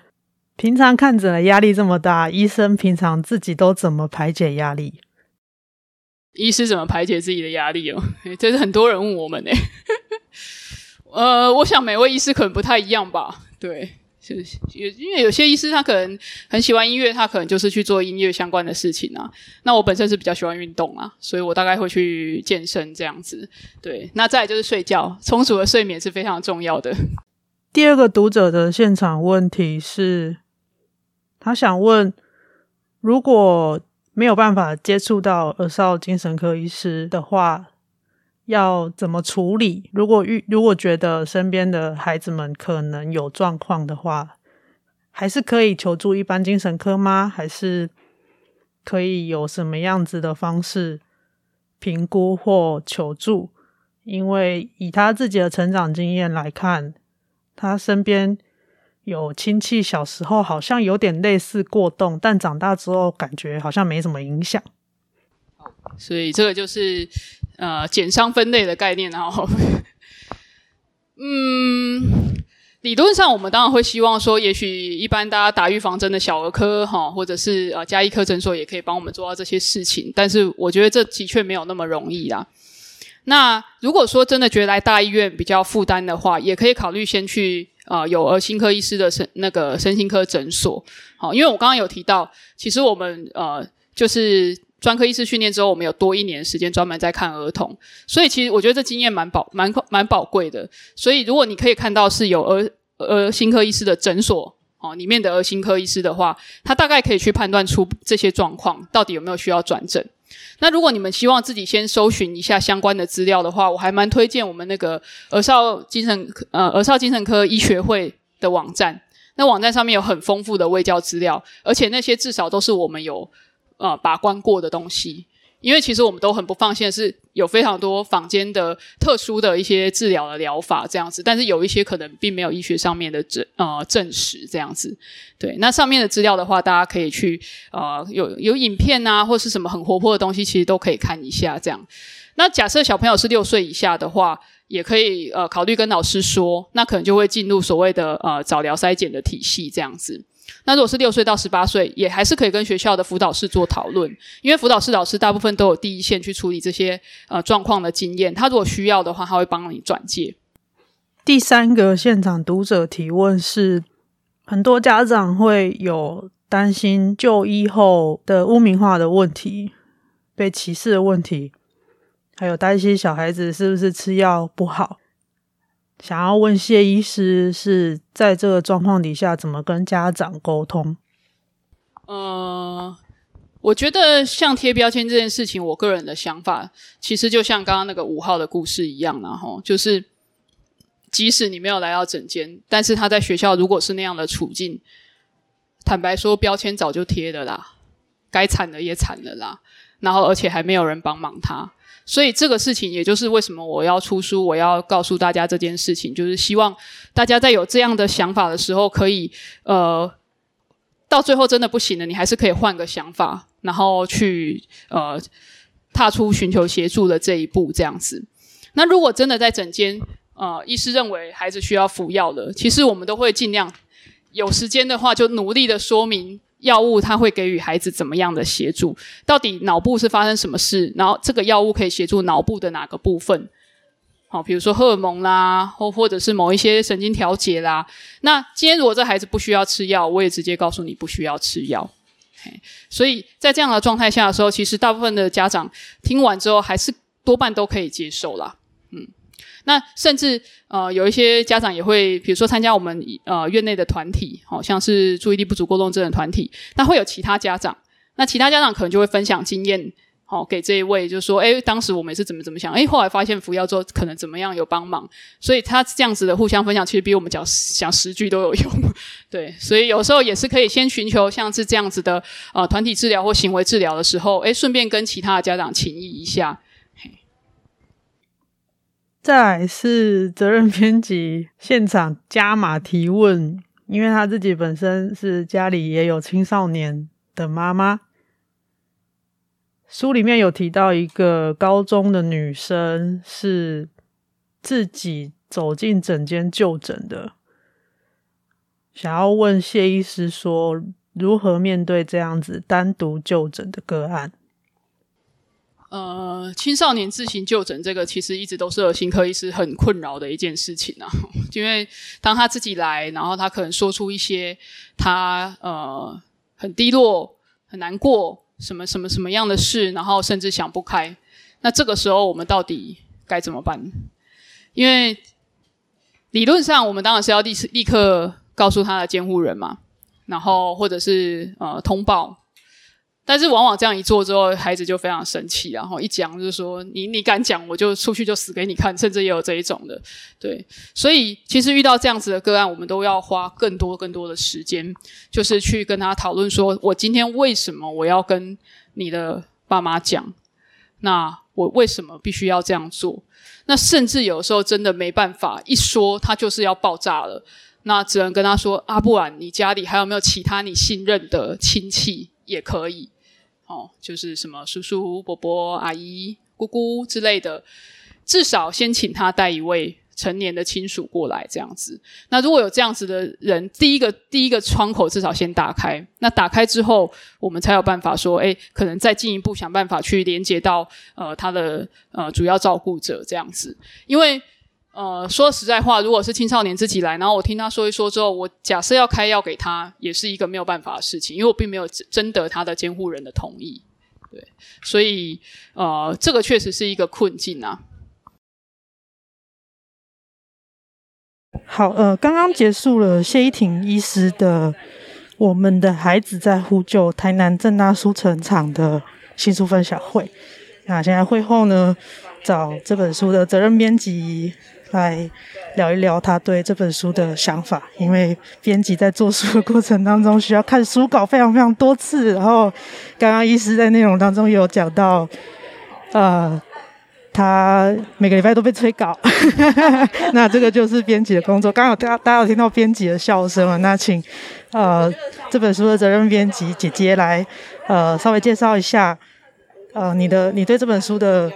Speaker 2: 平常看診的壓力這麼大，醫生平常自己都怎麼排解壓力？
Speaker 1: 醫師怎麼排解自己的壓力哦？哦、欸，這是很多人問我們呢、欸。 呃，我想每位醫師可能不太一樣吧。對，是有因為有些醫師他可能很喜歡音樂，他可能就是去做音樂相關的事情啊。那我本身是比較喜歡運動啊，所以我大概會去健身這樣子。對，那再來就是睡覺，充足的睡眠是非常重要的。
Speaker 2: 第二個讀者的現場問題是，他想問，如果沒有辦法接觸到兒少精神科醫師的話。要怎麼處理？如果遇如果覺得身邊的孩子們可能有狀況的話，還是可以求助一般精神科嗎？還是可以有什麼樣子的方式評估或求助？因為以他自己的成長經驗來看，他身邊有親戚小時候好像有點類似過動，但長大之後感覺好像沒什麼影響。
Speaker 1: 所以這個就是。呃，檢傷分類的概念，然、哦、後， 嗯，理論上我們當然會希望說，也許一般大家打預防針的小兒科，哈、哦，或者是呃，家醫科診所也可以幫我們做到這些事情。但是我覺得這的確沒有那麼容易啊。那如果說真的覺得來大醫院比較負擔的話，也可以考慮先去啊、呃，有兒心科醫師的那個身心科診所，好、哦，因為我剛剛有提到，其實我們呃，就是。專科醫師訓練之後，我們有多一年時間專門在看兒童，所以其實我覺得這經驗蠻寶、蠻蠻寶貴的。所以如果你可以看到是有兒兒心科醫師的診所哦，裡面的兒心科醫師的話，他大概可以去判斷出這些狀況到底有沒有需要轉診。那如果你們希望自己先搜尋一下相關的資料的話，我還蠻推薦我們那個兒少精神呃兒少精神科醫學會的網站，那網站上面有很豐富的衛教資料，而且那些至少都是我們有。呃，把關過的東西，因為其實我們都很不放心，是有非常多坊間的特殊的一些治療的療法這樣子，但是有一些可能並沒有醫學上面的證呃證實這樣子。對，那上面的資料的話，大家可以去呃有有影片啊，或是什麼很活潑的東西，其實都可以看一下這樣。那假設小朋友是六歲以下的話，也可以呃考慮跟老師說，那可能就會進入所謂的呃早療篩檢的體系這樣子。那如果是六歲到十八歲，也還是可以跟學校的輔導室做討論，因為輔導室老師大部分都有第一線去處理這些呃狀況的經驗，他如果需要的話，他會幫你轉介。
Speaker 2: 第三個現場讀者提問是，很多家長會有擔心就醫後的污名化的問題，被歧視的問題，還有擔心小孩子是不是吃藥不好，想要問謝醫師是在這個狀況底下怎麼跟家長溝通？嗯、
Speaker 1: 呃，我覺得像貼標籤這件事情，我個人的想法其實就像剛剛那個五號的故事一樣，然後，就是，即使你沒有來到診間，但是他在學校如果是那樣的處境，坦白說標籤早就貼的啦，該慘的也慘了啦，然後而且還沒有人幫忙他。所以這個事情，也就是為什麼我要出書，我要告訴大家這件事情，就是希望大家在有這樣的想法的時候，可以呃，到最後真的不行了，你還是可以換個想法，然後去呃，踏出尋求協助的這一步，這樣子。那如果真的在診間，呃，醫師認為孩子需要服藥了，其實我們都會盡量有時間的話，就努力的說明。藥物它會給予孩子怎麼樣的協助？到底腦部是發生什麼事？然後這個藥物可以協助腦部的哪個部分？好，比如說荷爾蒙啦，或或者是某一些神經調節啦。那今天如果這孩子不需要吃藥，我也直接告訴你不需要吃藥。所以在這樣的狀態下的時候，其實大部分的家長聽完之後，還是多半都可以接受啦。那甚至呃有一些家長也會，比如說參加我們呃院內的團體，好、哦、像是注意力不足過動症的團體，那會有其他家長，那其他家長可能就會分享經驗，好、哦、給這一位，就是說，哎，當時我們是怎麼怎麼想，哎，後來發現服藥之後可能怎麼樣有幫忙，所以他這樣子的互相分享，其實比我們講講十句都有用，對，所以有時候也是可以先尋求像是這樣子的呃團體治療或行為治療的時候，哎，順便跟其他的家長請益一下。
Speaker 2: 再來是責任編輯現場加碼提問，因為她自己本身是家裡也有青少年的媽媽，書裡面有提到一個高中的女生是自己走進診間就診的，想要問謝醫師說如何面對這樣子單獨就診的個案。
Speaker 1: 呃，青少年自行就診這個其實一直都是兒心科醫師很困擾的一件事情啊，因為當他自己來，然後他可能說出一些他呃很低落、很難過什麼什麼什麼樣的事，然後甚至想不開，那這個時候我們到底該怎麼辦？因為理論上我們當然是要立立刻告訴他的監護人嘛，然後或者是呃通報。但是往往這樣一做之後，孩子就非常生氣，然後一講就是說你你敢講，我就出去就死給你看，甚至也有這一種的，對。所以其實遇到這樣子的個案，我們都要花更多更多的時間，就是去跟他討論說，我今天為什麼我要跟你的爸媽講？那我為什麼必須要這樣做？那甚至有時候真的沒辦法，一說他就是要爆炸了，那只能跟他說，啊，不然你家裡還有沒有其他你信任的親戚也可以。哦，就是什麼叔叔、伯伯、阿姨、姑姑之類的，至少先請他帶一位成年的親屬過來，這樣子。那如果有這樣子的人，第一個第一個窗口至少先打開。那打開之後，我們才有辦法說，哎，可能再進一步想辦法去連接到呃他的呃主要照顧者這樣子，因為。呃，說實在話，如果是青少年自己來，然後我聽他說一說之後，我假設要開藥給他，也是一個沒有辦法的事情，因為我並沒有徵得他的監護人的同意，對，所以呃，這個確實是一個困境啊。
Speaker 2: 好，呃，剛剛結束了謝依婷醫師的《我們的孩子在呼救》台南正大書城場的新書分享會，那現在會後呢，找這本書的責任編輯。來聊一聊他對這本書的想法，因為編輯在做書的過程當中，需要看書稿非常非常多次。然後，剛剛醫師在內容當中有講到，呃，他每個禮拜都被催稿， 那這個就是編輯的工作。剛好大家大家有聽到編輯的笑聲了，那請呃這本書的責任編輯姐姐來呃稍微介紹一下，呃，你的你
Speaker 3: 對這本書的。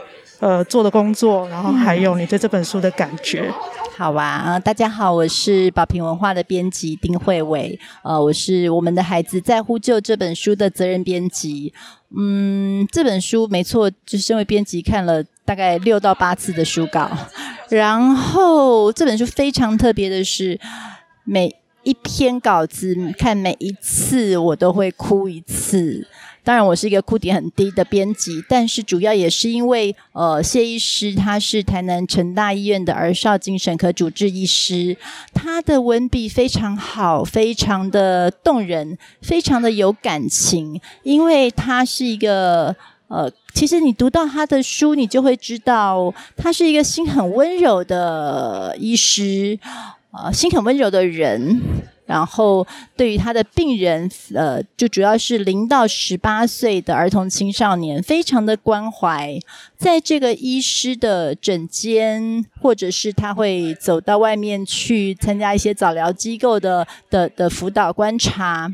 Speaker 3: 呃，做的工作，然後還有你對這本書的感覺。好吧，啊，大家好，我是寶瓶文化的編輯丁慧偉，呃，我是我們的孩子在呼救這本書的責任編輯。嗯，這本書沒錯，就是、身為編輯看了大概六到八次的書稿。然後這本書非常特別的是，每一篇稿子看每一次我都會哭一次。當然，我是一個哭點很低的編輯，但是主要也是因為，呃，謝醫師他是台南成大醫院的兒少精神科主治醫師，他的文筆非常好，非常的動人，非常的有感情，因為他是一個，呃，其實你讀到他的書，你就會知道他是一個心很溫柔的醫師，呃，心很溫柔的人。然後，對於他的病人，呃，就主要是零到十八歲的兒童青少年，非常的關懷。在這個醫師的診間，或者是他會走到外面去參加一些早療機構的的的輔導觀察，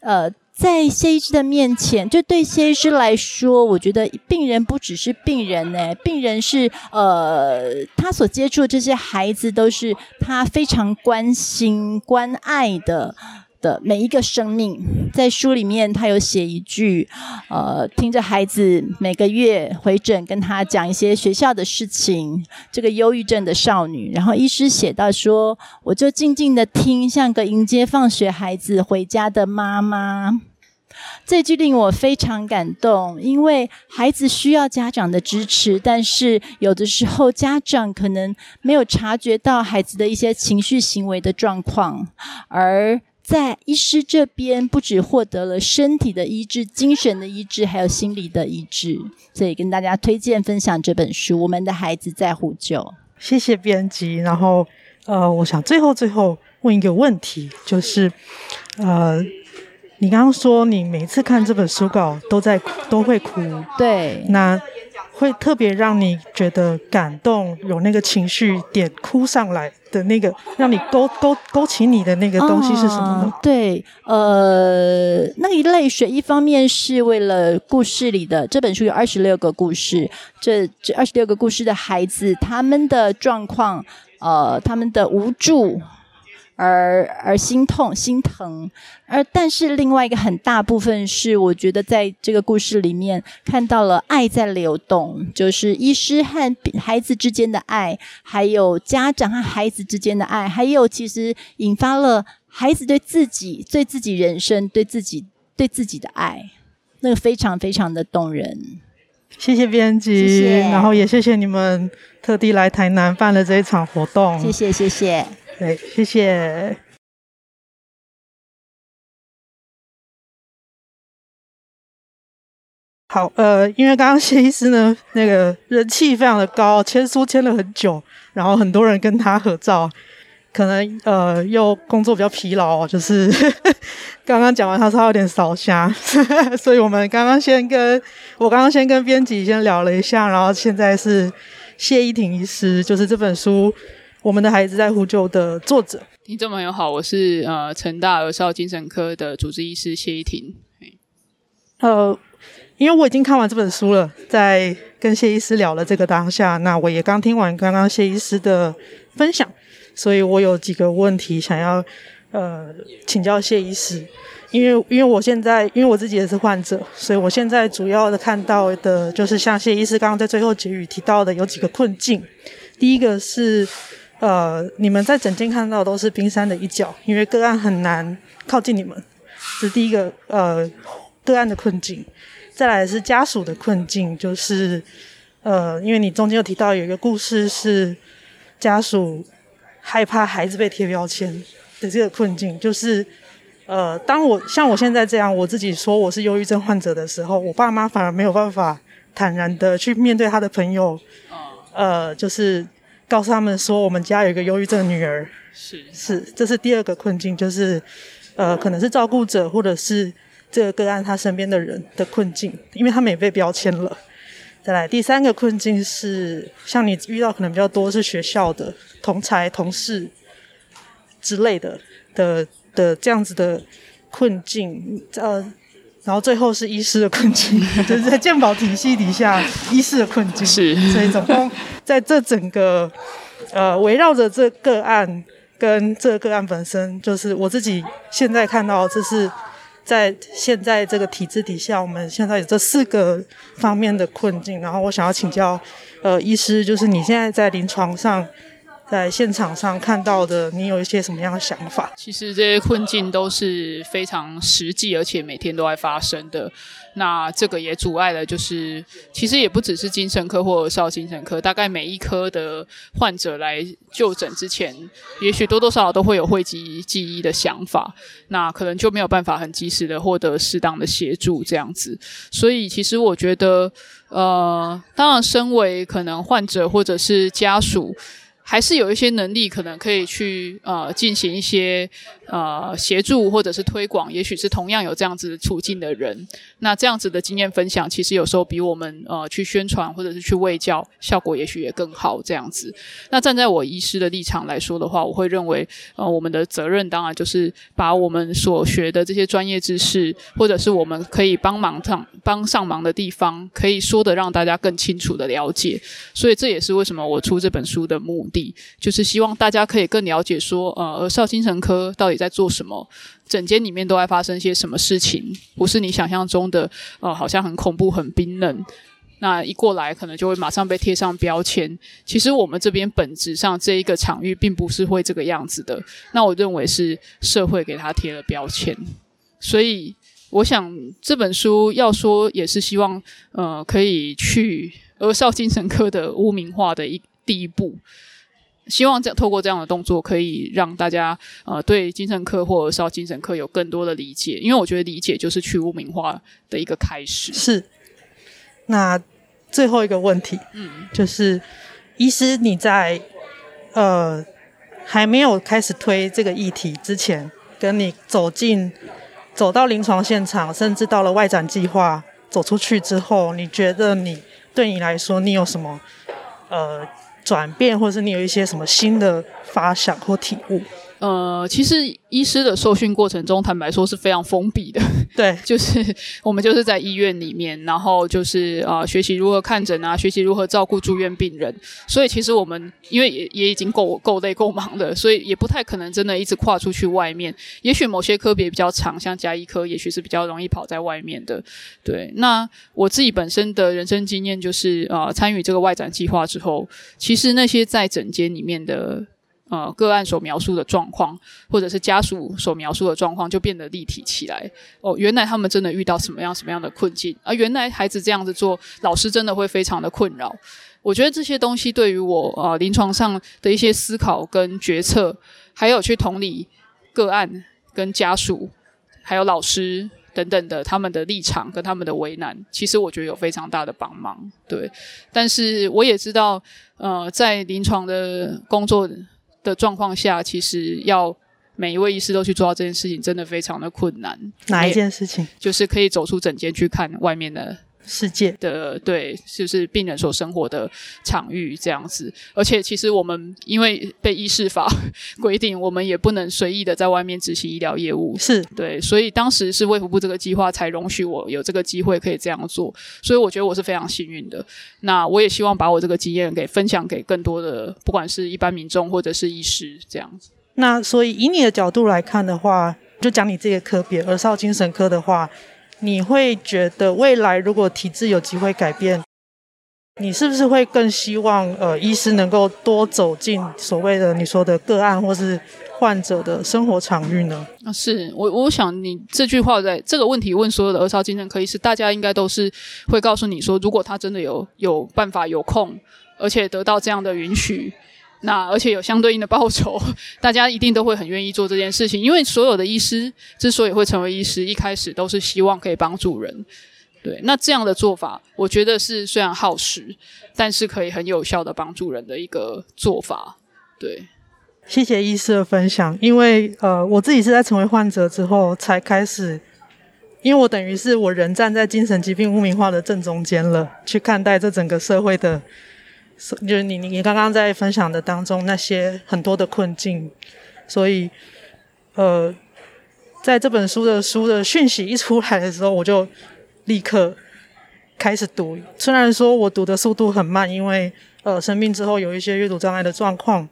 Speaker 3: 呃。在謝醫師的面前，就對謝醫師來說，我覺得病人不只是病人誒，欸，病人是呃，他所接觸這些孩子都是他非常關心、關愛的。的每一個生命，在書裡面他有寫一句，呃，聽着孩子每個月回診，跟他講一些學校的事情。這個憂鬱症的少女，然後醫師寫到說：“我就靜靜的聽，像個迎接放學孩子回家的媽媽。”這句令我非常感動，因為孩子需要家長的支持，但是有的時候家長可能沒有察覺到孩子的一些情緒行為的狀況，而。在醫師這邊，不只獲得了身體的醫治、精神的醫治，還有心理的醫治，所以跟大家推薦分享這本書。我們的孩子在呼救，謝謝編輯。然
Speaker 2: 後，呃，我想最後最後問一個問題，就是，呃，你剛剛說你每次看這本書稿都在都會哭，對， 那會特別讓你覺得感動，有那個情緒點哭上來，
Speaker 3: 的那個讓你勾勾勾起你的那個東西是什麼呢？啊、對，呃，那個、一淚水，一方面是為了故事裡的這本書有二十六個故事，這這二十六個故事的孩子他們的狀況，呃，他們的無助。而而心痛心疼，而但是另外一個很大部分是，我覺得在這個故事裡面看到了愛在流動，就是醫師和孩子之間的愛，還有家長和孩子之間的愛，還有其實引發了孩子對自己、對自己人生、對自己對自己的愛，那個非常非常的動人。謝謝
Speaker 2: 編輯謝謝，然後也謝謝你們特地來台南辦了這一場活動。謝謝
Speaker 1: 謝謝。對，謝謝。好，呃，因為剛剛謝醫師
Speaker 2: 呢，那個人氣非常的高，簽書簽了很久，然後很多人跟他合照，可能呃又工作比較疲勞，就是呵呵剛剛講完他說他有點燒聲，呵呵，所以我們剛剛先跟我剛剛先跟編輯先聊了一下，然後現在是謝依婷醫師，就是這本書。我們的孩子在呼救的作者。
Speaker 1: 聽眾朋友好，我是呃成大兒少精神科的主治醫師謝依婷。
Speaker 2: 呃，因為我已經看完這本書了，在跟謝醫師聊了這個當下，那我也剛聽完剛剛謝醫師的分享，所以我有幾個問題想要呃請教謝醫師，因為因為我現在因為我自己也是患者，所以我現在主要的看到的就是像謝醫師剛剛在最後結語提到的有幾個困境，第一個是。呃，你們在診間看到都是冰山的一角，因為個案很難靠近你們，是第一個呃個案的困境。再來是家屬的困境，就是呃，因為你中間有提到有一個故事是家屬害怕孩子被貼標籤的這個困境，就是呃，當我像我現在這樣，我自己說我是憂鬱症患者的時候，我爸媽反而沒有辦法坦然的去面對他的朋友，呃，就是。告訴他們說，我們家有一個憂鬱症女兒，是是，這是第二個困境，就是，呃，可能是照顧者或者是這個個案他身邊的人的困境，因為他們也被標籤了。再來第三個困境是，像你遇到可能比較多是學校的同儕、同事之類的的的這樣子的困境，呃。然後最後是醫師的困境，就是在健保體系底下 醫師的困境。是，所以總共在這整個呃，圍繞着這個案跟這個案本身，就是我自己現在看到，這是在現在這個體制底下，我們現在有這四個方面的困境。然後我想要請教，呃，醫師，就是你現在在臨床上。在現場上看到的，你有一些什麼樣的想法？其
Speaker 1: 實這些困境都是非常實際，而且每天都在發生的。那這個也阻礙了，就是其實也不只是精神科或者少精神科，大概每一科的患者來就診之前，也許多多少少都會有諱疾忌醫的想法，那可能就沒有辦法很及時的獲得適當的協助，這樣子。所以，其實我覺得，呃，當然，身為可能患者或者是家屬。還是有一些能力，可能可以去呃進行一些呃協助或者是推廣，也許是同樣有這樣子的處境的人。那這樣子的經驗分享，其實有時候比我們呃去宣傳或者是去衛教效果，也許也更好這樣子。那站在我醫師的立場來說的話，我會認為呃我們的責任當然就是把我們所學的這些專業知識，或者是我們可以幫忙上幫上忙的地方，可以說的讓大家更清楚的了解。所以這也是為什麼我出這本書的目的。底就是希望大家可以更了解說，呃，兒少精神科到底在做什麼，整間裡面都在發生些什麼事情，不是你想象中的呃，好像很恐怖、很冰冷。那一過來，可能就會馬上被貼上標籤。其實我們這邊本質上這一個場域並不是會這個樣子的。那我認為是社會給他貼了標籤。所以我想這本書要說，也是希望呃可以去呃，兒少精神科的污名化的一第一步。希望這透過這樣的動作，可以讓大家呃對精神科或者是精神科有更多的理解，因為我覺得理解就是去污名化的一個開始。是。
Speaker 2: 那最後一個問題，嗯，就是，醫師你在呃還沒有開始推這個議題之前，跟你走進走到臨床現場，甚至到了外展計劃走出去之後，你覺得你對你來說你有什麼呃？轉變，或者是你有一些什麼新的發想或體悟？
Speaker 1: 呃，其實醫師的受訓過程中，坦白說是非常封閉的。對，就是我們就是在醫院裡面，然後就是啊、呃，學習如何看診啊，學習如何照顧住院病人。所以其實我們因為也也已經夠夠累夠忙的，所以也不太可能真的一直跨出去外面。也許某些科別比較長，像家醫科，也許是比較容易跑在外面的。對，那我自己本身的人生經驗就是啊、呃，參與這個外展計劃之後，其實那些在診間裡面的。呃，個案所描述的狀況，或者是家屬所描述的狀況，就變得立體起來。哦，原來他們真的遇到什麼樣什麼樣的困境，而、呃、原來孩子這樣子做，老師真的會非常的困擾。我覺得這些東西對於我呃臨床上的一些思考跟決策，還有去同理個案跟家屬，還有老師等等的他們的立場跟他們的為難，其實我覺得有非常大的幫忙。對，但是我也知道，呃，在臨床的工作。的狀況下，其實要每一位醫師都去做到這件事情，真的非常的困難。哪一件事情？欸、就是可以走出診間去看外面的。世界的對，就是病人所生活的場域這樣子。而且其實我們因為被醫師法規 定，我們也不能隨意的在外面執行醫療業務。是，對，所以當時是衛福部這個計劃，才容許我有這個機會可以這樣做。所以我覺得我是非常幸運的。那我也希望把我這個經驗給分享給更多的，不管是一般民眾或者是醫師這樣子。
Speaker 2: 那所以以你的角度來看的話，就講你這個科別，兒少精神科的話，你會覺得未來如果體制有機會改變，你是不是會更希望呃，醫師能夠多走進所謂的你說的個案或是患者的生活場域呢？
Speaker 1: 啊，是我我想你這句話，在這個問題問所有的兒青精神科醫師，大家應該都是會告訴你說，如果他真的有有辦法有空，而且得到這樣的允許。那而且有相對應的報酬，大家一定都會很願意做這件事情，因為所有的醫師之所以會成為醫師，一開始都是希望可以幫助人。對，那這樣的做法，我覺得是雖然耗時，但是可以很有效的幫助人的一個做法。對，
Speaker 2: 謝謝醫師的分享。因為呃，我自己是在成為患者之後才開始，因為我等於是我人站在精神疾病污名化的正中間了，去看待這整個社會的。就是你你你剛剛在分享的當中那些很多的困境，所以呃，在這本書的書的訊息一出來的時候，我就立刻開始讀。雖然說我讀的速度很慢，因為呃生病，之後有一些閱讀障礙的狀況。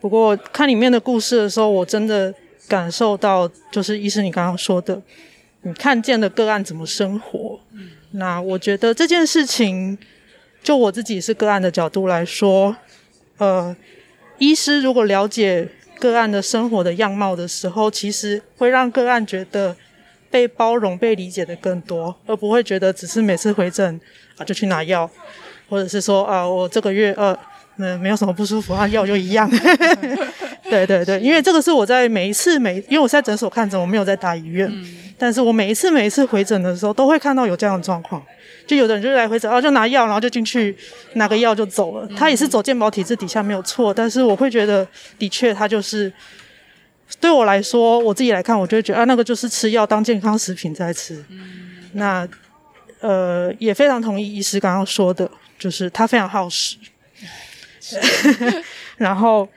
Speaker 2: 不過看裡面的故事的時候，我真的感受到，就是醫師你剛剛說的，你看見的個案怎麼生活，嗯。那我覺得這件事情。就我自己是個案的角度來說，呃，醫師如果了解個案的生活的樣貌的時候，其實會讓個案覺得被包容、被理解的更多，而不會覺得只是每次回診啊就去拿藥，或者是說啊我這個月呃，呃沒有什麼不舒服，那藥就一樣。 對對對，因為這個是我在每一次每因為我在診所看診，我沒有在大醫院，嗯，但是我每一次每一次回診的時候，都會看到有這樣的狀況。就有的人就是來回走，然後就拿藥，然後就進去拿個藥就走了，嗯。他也是走健保體制底下沒有錯，但是我會覺得，的確他就是對我來說，我自己來看，我就會覺得啊，那個就是吃藥當健康食品在吃。嗯、那呃也非常同意醫師剛剛說的，就是他非常耗時。 然後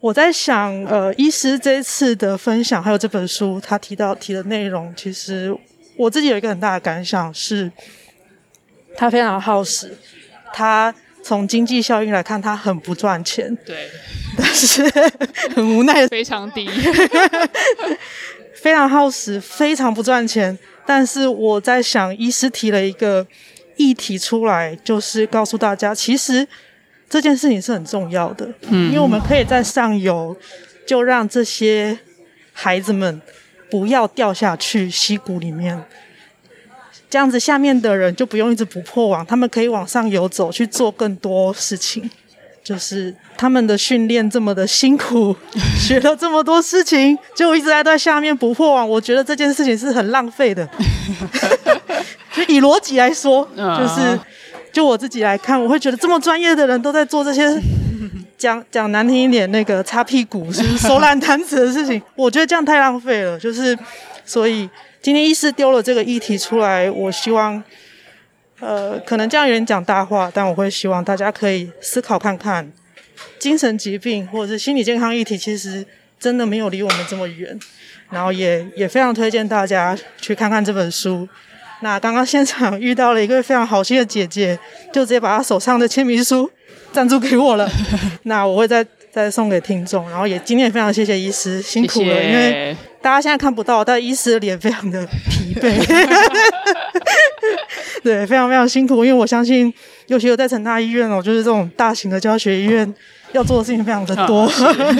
Speaker 2: 我在想，呃，醫師這一次的分享還有這本書，他提到提的內容，其實我自己有一個很大的感想是，他非常耗時，他從經濟效應來看，他很不賺錢。
Speaker 1: 對，
Speaker 2: 但是很無奈， 非
Speaker 1: 常低，
Speaker 2: 非常耗時，非常不賺錢。但是我在想，醫師提了一個議題出來，就是告訴大家，其實這件事情是很重要的。嗯，因為我們可以在上游就讓這些孩子們不要掉下去溪谷裡面。這樣子，下面的人就不用一直補破網，他們可以往上游走去做更多事情，就是他們的訓練這麼的辛苦， 學了這麼多事情，就一直在在下面補破網，我覺得這件事情是很浪費的。 就以邏輯來說，就是就我自己來看，我會覺得這麼專業的人都在做這些，講講難聽一點，那個擦屁股、收爛攤子的事情， 我覺得這樣太浪費了。就是所以。今天醫師丟了這個議題出來，我希望，呃，可能這樣有點講大話，但我會希望大家可以思考看看，精神疾病或者是心理健康議題，其實真的沒有離我們這麼遠。然後也也非常推薦大家去看看這本書。那剛剛現場遇到了一個非常好心的姐姐，就直接把她手上的簽名書贊助給我了。那我會再再送給聽眾。然後也今天也非常謝謝醫師辛苦了，謝謝。因為。大家現在看不到，但醫師的臉非常的疲憊， 對，非常非常辛苦。因為我相信，尤其有在成大醫院哦，就是這種大型的教學醫院，要做的事情非常的多，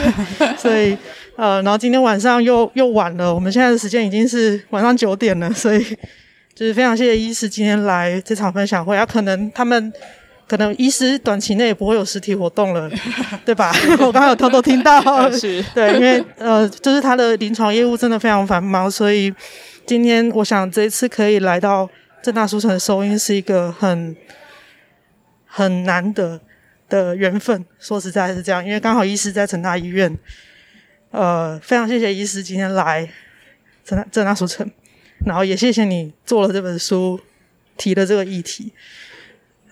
Speaker 2: 所以呃，然後今天晚上又又晚了，我們現在的時間已經是晚上九點了，所以就是非常謝謝醫師今天來這場分享會啊，可能他們。可能醫師短期內也不會有實體活動了，對吧？ 我剛剛有偷偷聽到，
Speaker 1: 對，因為
Speaker 2: 呃，就是他的臨床業務真的非常繁忙，所以今天我想這一次可以來到正大書城的收音是一個很很難得的緣分。說實在，是這樣，因為剛好醫師在成大醫院，呃，非常謝謝醫師今天來正大書城，然後也謝謝你做了這本書提的這個議題。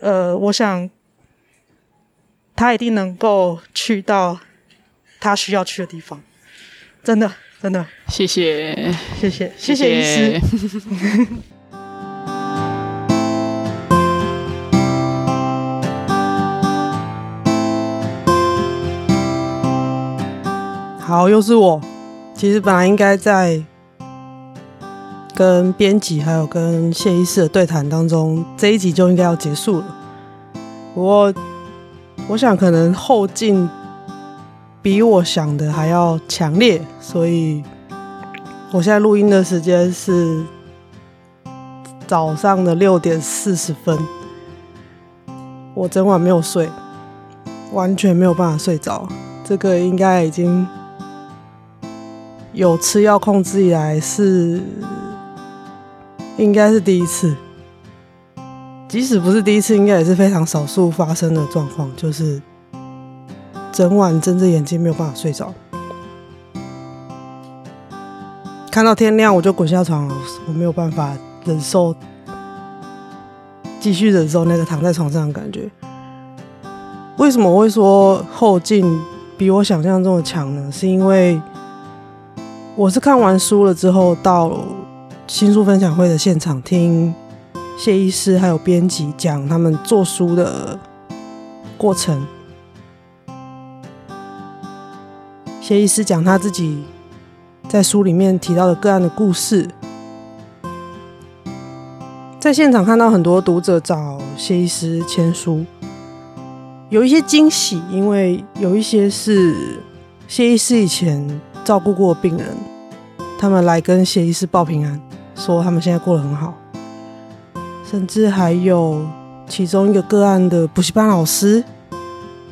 Speaker 2: 呃，我想，他一定能夠去到他需要去的地方，真的，真的。謝謝，謝謝，謝謝，謝謝醫師。 好，又是我。其實本來應該在。跟編輯還有跟謝醫師的對談當中，這一集就應該要結束了。不過我想可能後勁比我想的還要強烈，所以我現在錄音的時間是早上的六點四十分。我整晚沒有睡，完全沒有辦法睡着。這個應該已經有吃藥控制以來是。應該是第一次，即使不是第一次，應該也是非常少數發生的狀況，就是整晚睜着眼睛沒有辦法睡着，看到天亮我就滾下床了，我沒有辦法忍受繼續忍受那個躺在床上的感覺。為什麼我會說後勁比我想象中的強呢？是因為我是看完書了之後到了。新書分享會的現場，聽謝醫師還有編輯講他們做書的過程。謝醫師講他自己在書裡面提到的個案的故事，在現場看到很多讀者找謝醫師簽書，有一些驚喜，因為有一些是謝醫師以前照顧過病人，他們來跟謝醫師報平安。說他們現在過得很好，甚至還有其中一個個案的補習班老師，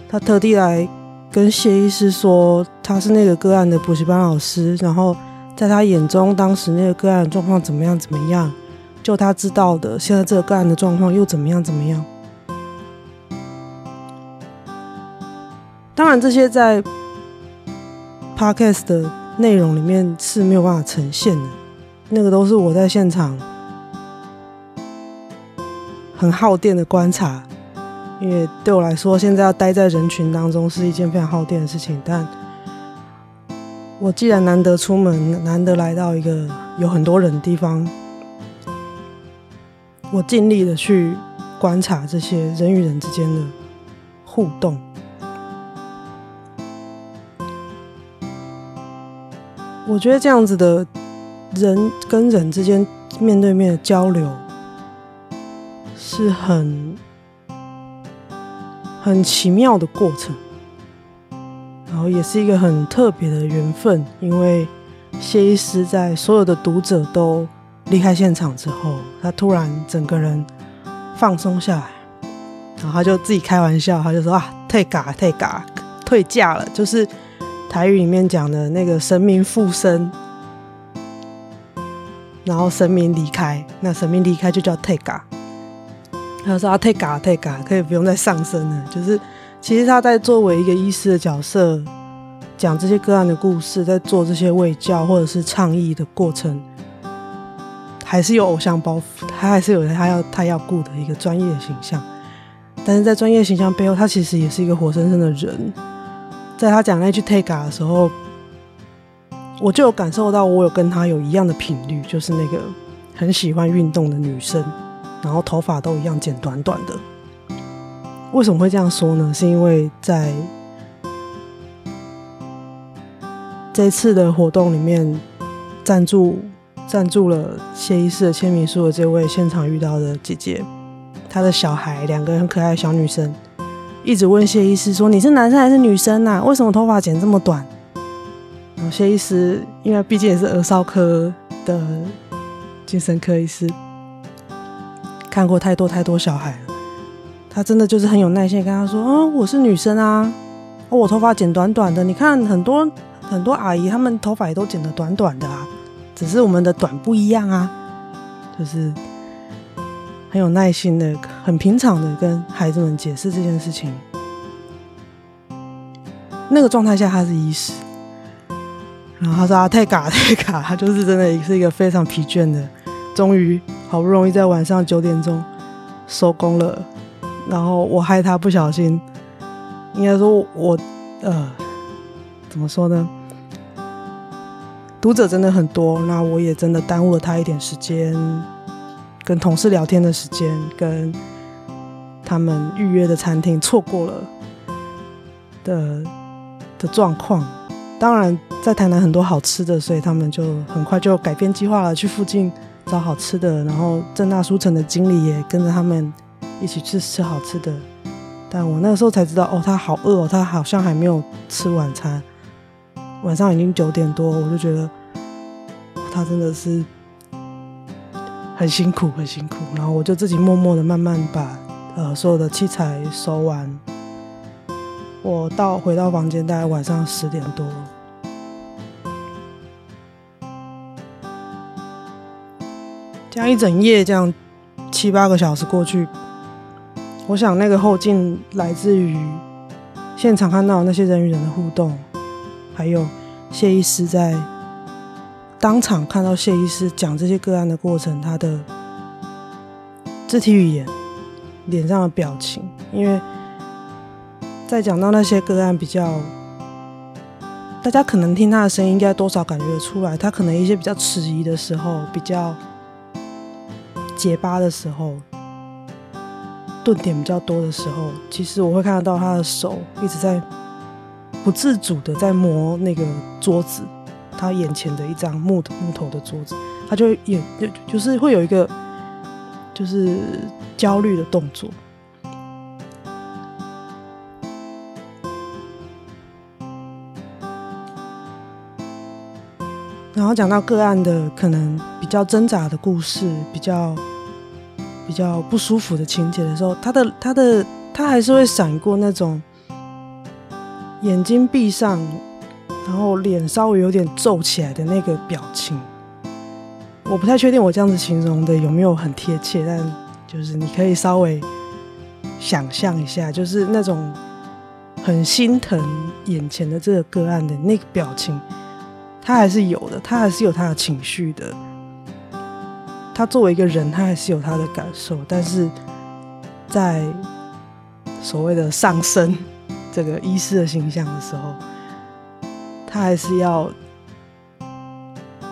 Speaker 2: 他特地來跟謝醫師說，他是那個個案的補習班老師，然後在他眼中，當時那個個案的狀況怎麼樣怎麼樣，就他知道的，現在這個個案的狀況又怎麼樣怎麼樣。當然，這些在 podcast 的內容裡面是沒有辦法呈現的。那個都是我在現場很耗電的觀察，因為對我來說，現在要待在人群當中是一件非常耗電的事情。但我既然難得出門，難得來到一個有很多人的地方，我盡力的去觀察這些人與人之間的互動。我覺得這樣子的。人跟人之間面對面的交流是很很奇妙的過程，然後也是一個很特別的緣分。因為謝醫師在所有的讀者都離開現場之後，他突然整個人放鬆下來，然後他就自己開玩笑，他就說：“啊，退駕，退駕，退駕了。”就是台語裡面講的那個神明附身。然後神明離開，那神明離開就叫退駕。他說啊，退駕，退駕，退駕，退駕，可以不用再上升了。就是其實他在作為一個醫師的角色，講這些個案的故事，在做這些衛教或者是倡議的過程，還是有偶像包袱，他還是有他要他要顧的一個專業的形象。但是在專業形象背後，他其實也是一個活生生的人。在他講那句退駕的時候。我就有感受到，我有跟他有一樣的頻率，就是那個很喜歡運動的女生，然後頭髮都一樣剪短短的。為什麼會這樣說呢？是因為在這次的活動裡面，贊助贊助了謝醫師的簽名書的這位現場遇到的姐姐，她的小孩兩個很可愛的小女生，一直問謝醫師說：“你是男生還是女生吶、啊？為什麼頭髮剪這麼短？”有些醫師，因為畢竟也是兒少科的精神科醫師，看過太多太多小孩了，他真的就是很有耐心的跟他說：“啊、哦，我是女生啊，哦、我頭髮剪短短的，你看很多很多阿姨她們頭髮也都剪的短短的啊，只是我們的短不一樣啊。”就是很有耐心的、很平常的跟孩子們解釋這件事情。那個狀態下，他是醫師。然後他說：“啊，太卡太卡，他就是真的是一個非常疲倦的。終於，好不容易在晚上九點鐘收工了。然後我害他不小心，應該說我，我呃，怎麼說呢？讀者真的很多，那我也真的耽誤了他一點時間，跟同事聊天的時間，跟他們預約的餐廳錯過了的的狀況。”當然，在台南很多好吃的，所以他們就很快就改變計劃了，去附近找好吃的。然後政大書城的經理也跟着他們一起去吃好吃的。但我那個時候才知道，哦，他好餓哦，他好像還沒有吃晚餐。晚上已經九點多，我就覺得他真的是很辛苦，很辛苦。然後我就自己默默的慢慢把呃所有的器材收完。我到回到房間，大概晚上十點多。這樣一整夜這樣七八個小時過去，我想那個後勁來自於現場看到那些人與人的互動，還有謝醫師在當場看到謝醫師講這些個案的過程，他的肢體語言、臉上的表情，因為在講到那些個案比較，大家可能聽他的聲音，應該多少感覺出來，他可能一些比較遲疑的時候，比較。結巴的時候，頓點比較多的時候，其實我會看得到他的手一直在不自主的在磨那個桌子，他眼前的一張木頭木頭的桌子，他就也就就是會有一個就是焦慮的動作。然後講到個案的可能。比較掙扎的故事，比較比較不舒服的情節的時候，他的他的他還是會閃過那種眼睛閉上，然後臉稍微有點皺起來的那個表情。我不太確定我這樣子形容的有沒有很貼切，但就是你可以稍微想象一下，就是那種很心疼眼前的這個個案的那個表情，他還是有的，他還是有他的情緒的。他作為一個人，他還是有他的感受，但是在所謂的上升這個醫師的形象的時候，他還是要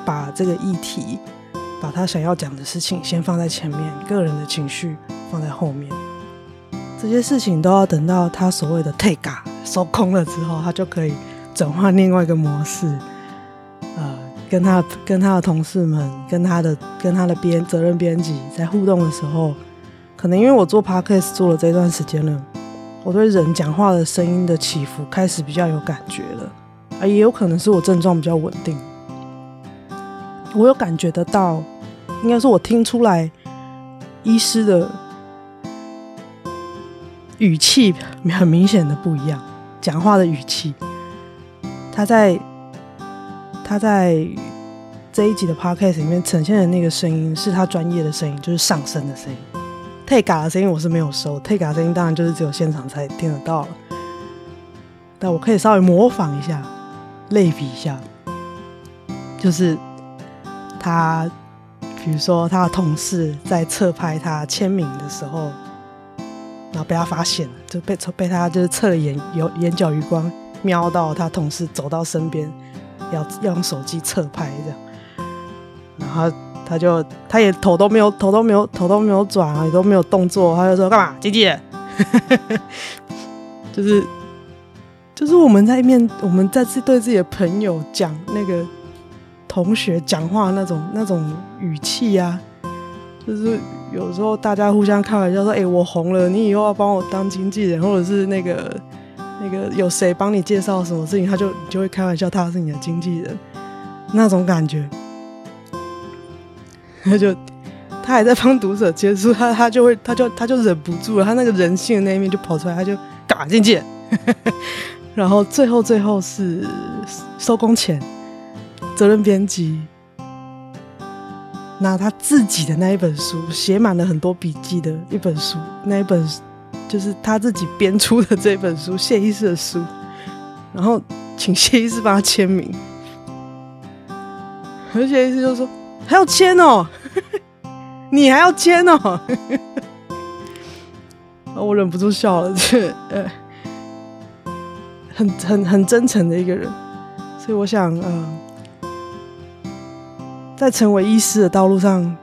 Speaker 2: 把這個議題，把他想要講的事情先放在前面，個人的情緒放在後面，這些事情都要等到他所謂的 take 收空了之後，他就可以轉換另外一個模式。跟他、跟他的同事們、跟他的、跟他的編責任編輯在互動的時候，可能因為我做 podcast 做了這段時間了，我對人講話的聲音的起伏開始比較有感覺了啊，而也有可能是我症狀比較穩定，我有感覺得到，應該是我聽出來，醫師的語氣很明顯的不一樣，講話的語氣，他在。他在這一集的 podcast 裡面呈現的那個聲音是他專業的聲音，就是上身的聲音。Tega 的聲音我是沒有收，Tega 的聲音當然就是只有現場才聽得到了。但我可以稍微模仿一下，類比一下，就是他，比如說他的同事在側拍他簽名的時候，然後被他發現了，就被被他就是側眼有眼角餘光瞄到，他同事走到身邊。要，要用手機側拍這樣，然後他，他就他也頭都沒有頭都沒有頭都沒有轉啊，也都沒有動作，他就說幹嘛，經紀人， 就是就是我們在面，我們再次對自己的朋友講那個同學講話那種那種語氣呀、啊，就是有時候大家互相開玩笑說，哎、欸，我紅了，你以後要幫我當經紀人，或者是那個。那個有誰幫你介紹什麼事情，他就就會開玩笑，他是你的經紀人，那種感覺。 他就他還在幫讀者接觸他，他就會，他就他就忍不住了，他那個人性的那一面就跑出來，他就趕緊去。 然後最後最後是收工前，責任編輯拿他自己的那一本書，寫滿了很多筆記的一本書，那一本。就是他自己編出的這本書，謝醫師的書，然後請謝醫師幫他簽名。而且謝醫師就說：“還要簽哦、喔， 你還要簽哦、喔。 ”然後我忍不住笑了，呃， 很很很真誠的一個人，所以我想，呃，在成為醫師的道路上。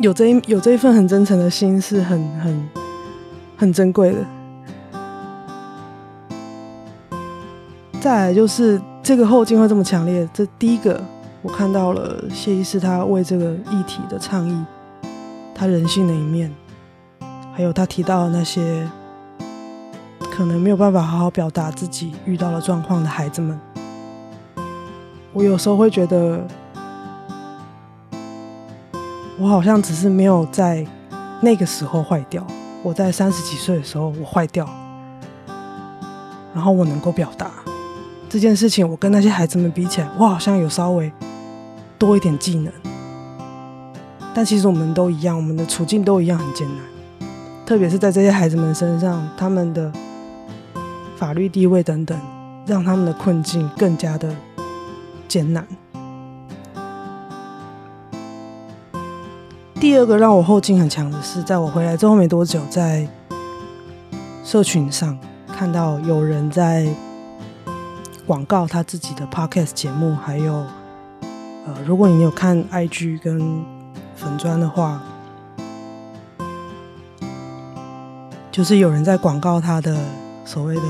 Speaker 2: 有這一有這一份很真誠的心是很很很珍貴的。再來就是這個後勁會這麼強烈，這第一個我看到了謝醫師他為這個議題的倡議，他人性的一面，還有他提到的那些可能沒有辦法好好表達自己遇到了狀況的孩子們，我有時候會覺得。我好像只是沒有在那個時候壞掉。我在三十幾歲的時候，我壞掉，然後我能夠表達這件事情。我跟那些孩子們比起來，我好像有稍微多一點技能。但其實我們都一樣，我們的處境都一樣很艱難。特別是在這些孩子們身上，他們的法律地位等等，讓他們的困境更加的艱難。第二個讓我後勁很強的是，在我回來之後沒多久，在社群上看到有人在廣告他自己的 Podcast 節目，還有呃，如果你有看 IG 跟粉專的話，就是有人在廣告他的所謂的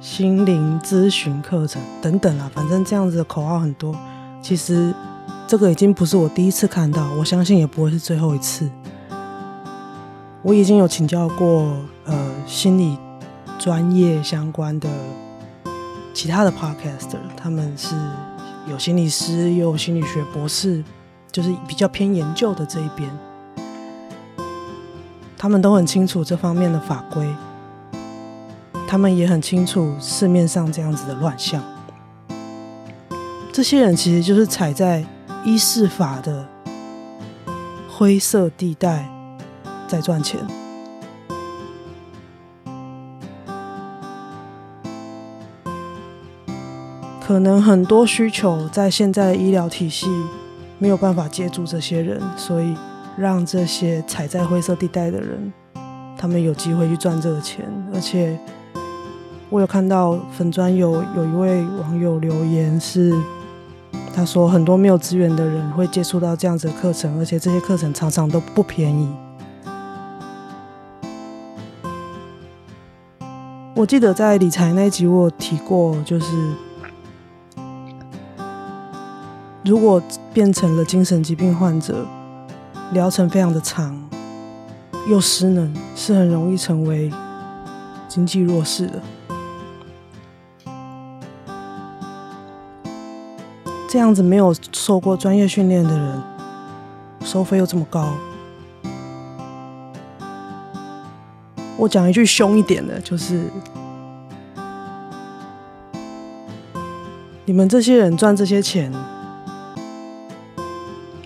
Speaker 2: 心靈諮詢課程等等啦，反正這樣子的口號很多，其實。這個已經不是我第一次看到，我相信也不會是最後一次。我已經有請教過，呃，心理專業相關的其他的 podcaster，他們是有心理師，也有心理學博士，就是比較偏研究的這一邊。他們都很清楚這方面的法規，他們也很清楚市面上這樣子的亂象。這些人其實就是踩在醫事法的灰色地帶在賺錢，可能很多需求在現在的醫療體系沒有辦法接住這些人，所以讓這些踩在灰色地帶的人，他們有機會去賺這個錢。而且，我有看到粉專有有一位網友留言是。他說，很多沒有資源的人會接觸到這樣子的課程，而且這些課程常常都不便宜。我記得在理財那一集我有提過，就是如果變成了精神疾病患者，療程非常的長，又失能，是很容易成為經濟弱勢的。這樣子沒有受過專業訓練的人，收費又這麼高，我講一句兇一點的，就是你們這些人賺這些錢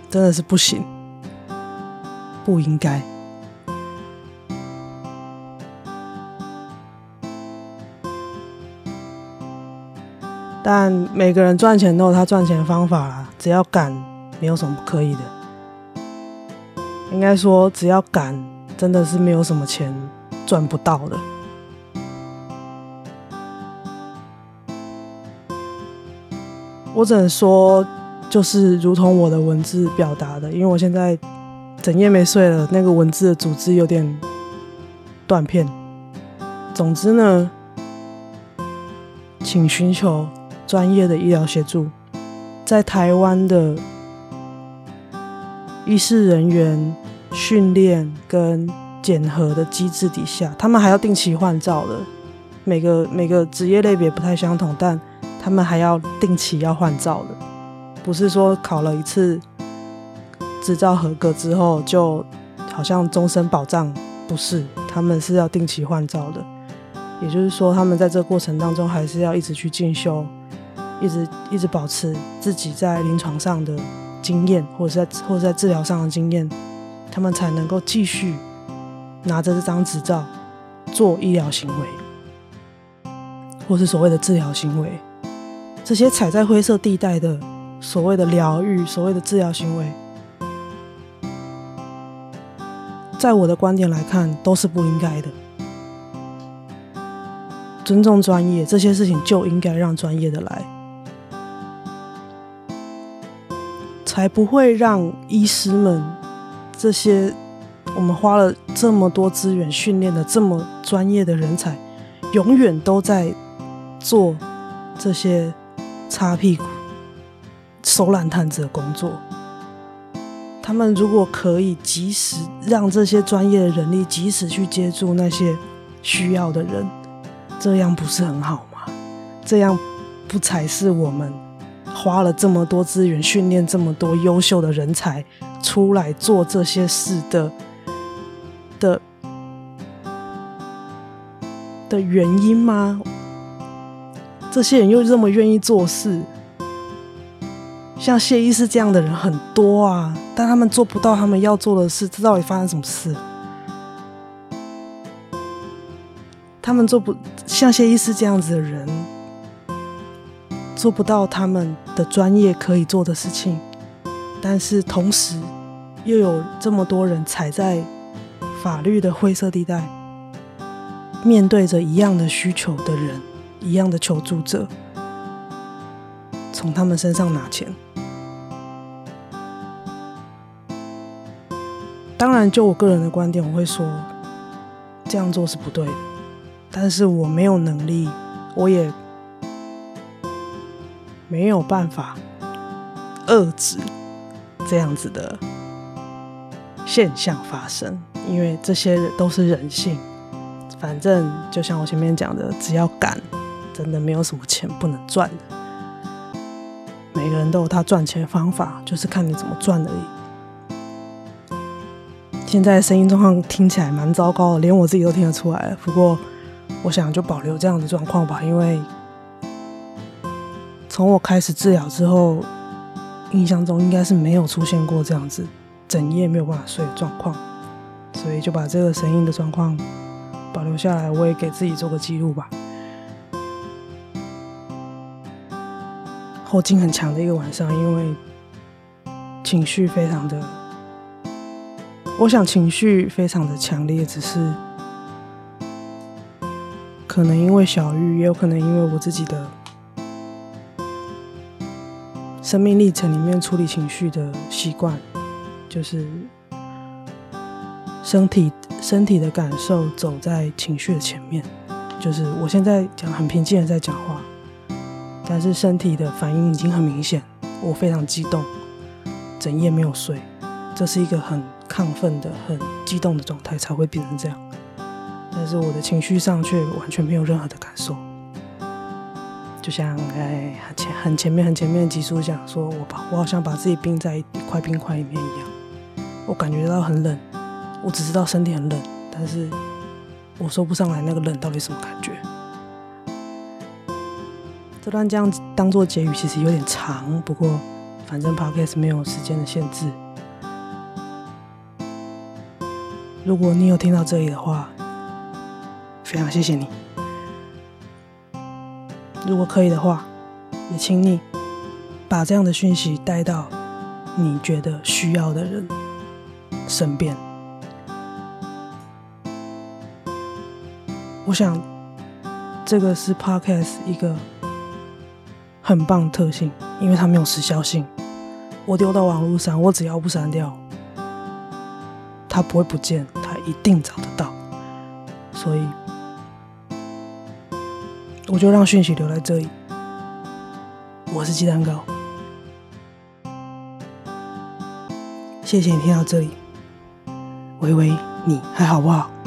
Speaker 2: 真的是不行，不應該。但每個人賺錢都有他賺錢的方法啦，只要敢，沒有什麼不可以的。應該說，只要敢，真的是沒有什麼錢賺不到的。我只能說，就是如同我的文字表達的，因為我現在整夜沒睡了，那個文字的組織有點斷片。總之呢，請尋求。專業的醫療協助，在台灣的醫事人員訓練跟檢核的機制底下，他們還要定期換照的。每個每個職業類別不太相同，但他們還要定期要換照的，不是說考了一次執照合格之後，就好像終身保障，不是，他們是要定期換照的。也就是說，他們在這個過程當中，還是要一直去進修。一直一直保持自己在臨床上的經驗，或者在或者在治療上的經驗，他們才能夠繼續拿着這張執照做醫療行為，或是所謂的治療行為。這些踩在灰色地帶的所謂的療癒、所謂的治療行為，在我的觀點來看，都是不應該的。尊重專業，這些事情就應該讓專業的來。才不會讓醫師們，這些我們花了這麼多資源訓練的這麼專業的人才，永遠都在做這些擦屁股、收爛攤子的工作。他們如果可以及時讓這些專業的人力及時去接觸那些需要的人，這樣不是很好嗎？這樣不才是我們？花了這麼多資源訓練這麼多優秀的人才出來做這些事的的的原因嗎？這些人又這麼願意做事，像謝醫師這樣的人很多啊，但他們做不到他們要做的事，這到底發生什麼事？他們做不，像謝醫師這樣子的人。做不到他們的專業可以做的事情，但是同時又有這麼多人踩在法律的灰色地帶，面對着一樣的需求的人，一樣的求助者，從他們身上拿錢。當然，就我個人的觀點，我會說這樣做是不對，但是我沒有能力，我也。沒有辦法遏制這樣子的現象發生，因為這些人都是人性。反正就像我前面講的，只要敢，真的沒有什麼錢不能賺。每個人都有他賺錢的方法，就是看你怎麼賺而已。現在聲音狀況聽起來蠻糟糕的，連我自己都聽得出來。不過我想就保留這樣的狀況吧，因為。從我開始治療之後，印象中應該是沒有出現過這樣子整夜沒有辦法睡的狀況，所以就把這個聲音的狀況保留下來，我也給自己做個記錄吧。後勁很強的一個晚上，因為情緒非常的，我想情緒非常的強烈，只是可能因為小玉，也有可能因為我自己的。生命歷程裡面處理情緒的習慣，就是身體身體的感受走在情緒的前面。就是我現在講很平靜的在講話，但是身體的反應已經很明顯，我非常激動，整夜沒有睡，這是一個很亢奮的、很激動的狀態才會變成這樣。但是我的情緒上卻完全沒有任何的感受。就像哎，很前很前面很前面的集數講說，我把我好像把自己冰在一塊冰塊裡面一樣，我感覺到很冷，我只知道身體很冷，但是我說不上來那個冷到底什麼感覺。這段這樣子當做結語其實有點長，不過反正 Podcast 沒有時間的限制。如果你有聽到這裡的話，非常謝謝你。如果可以的話，也請你把這樣的訊息帶到你覺得需要的人身邊。我想，這個是 Podcast 一個很棒的特性，因為它沒有時效性。我丟到網絡上，我只要不刪掉，它不會不見，它一定找得到。所以。我就讓訊息留在這裡。我是雞蛋糕，謝謝你聽到這裡。維維，你還好不好？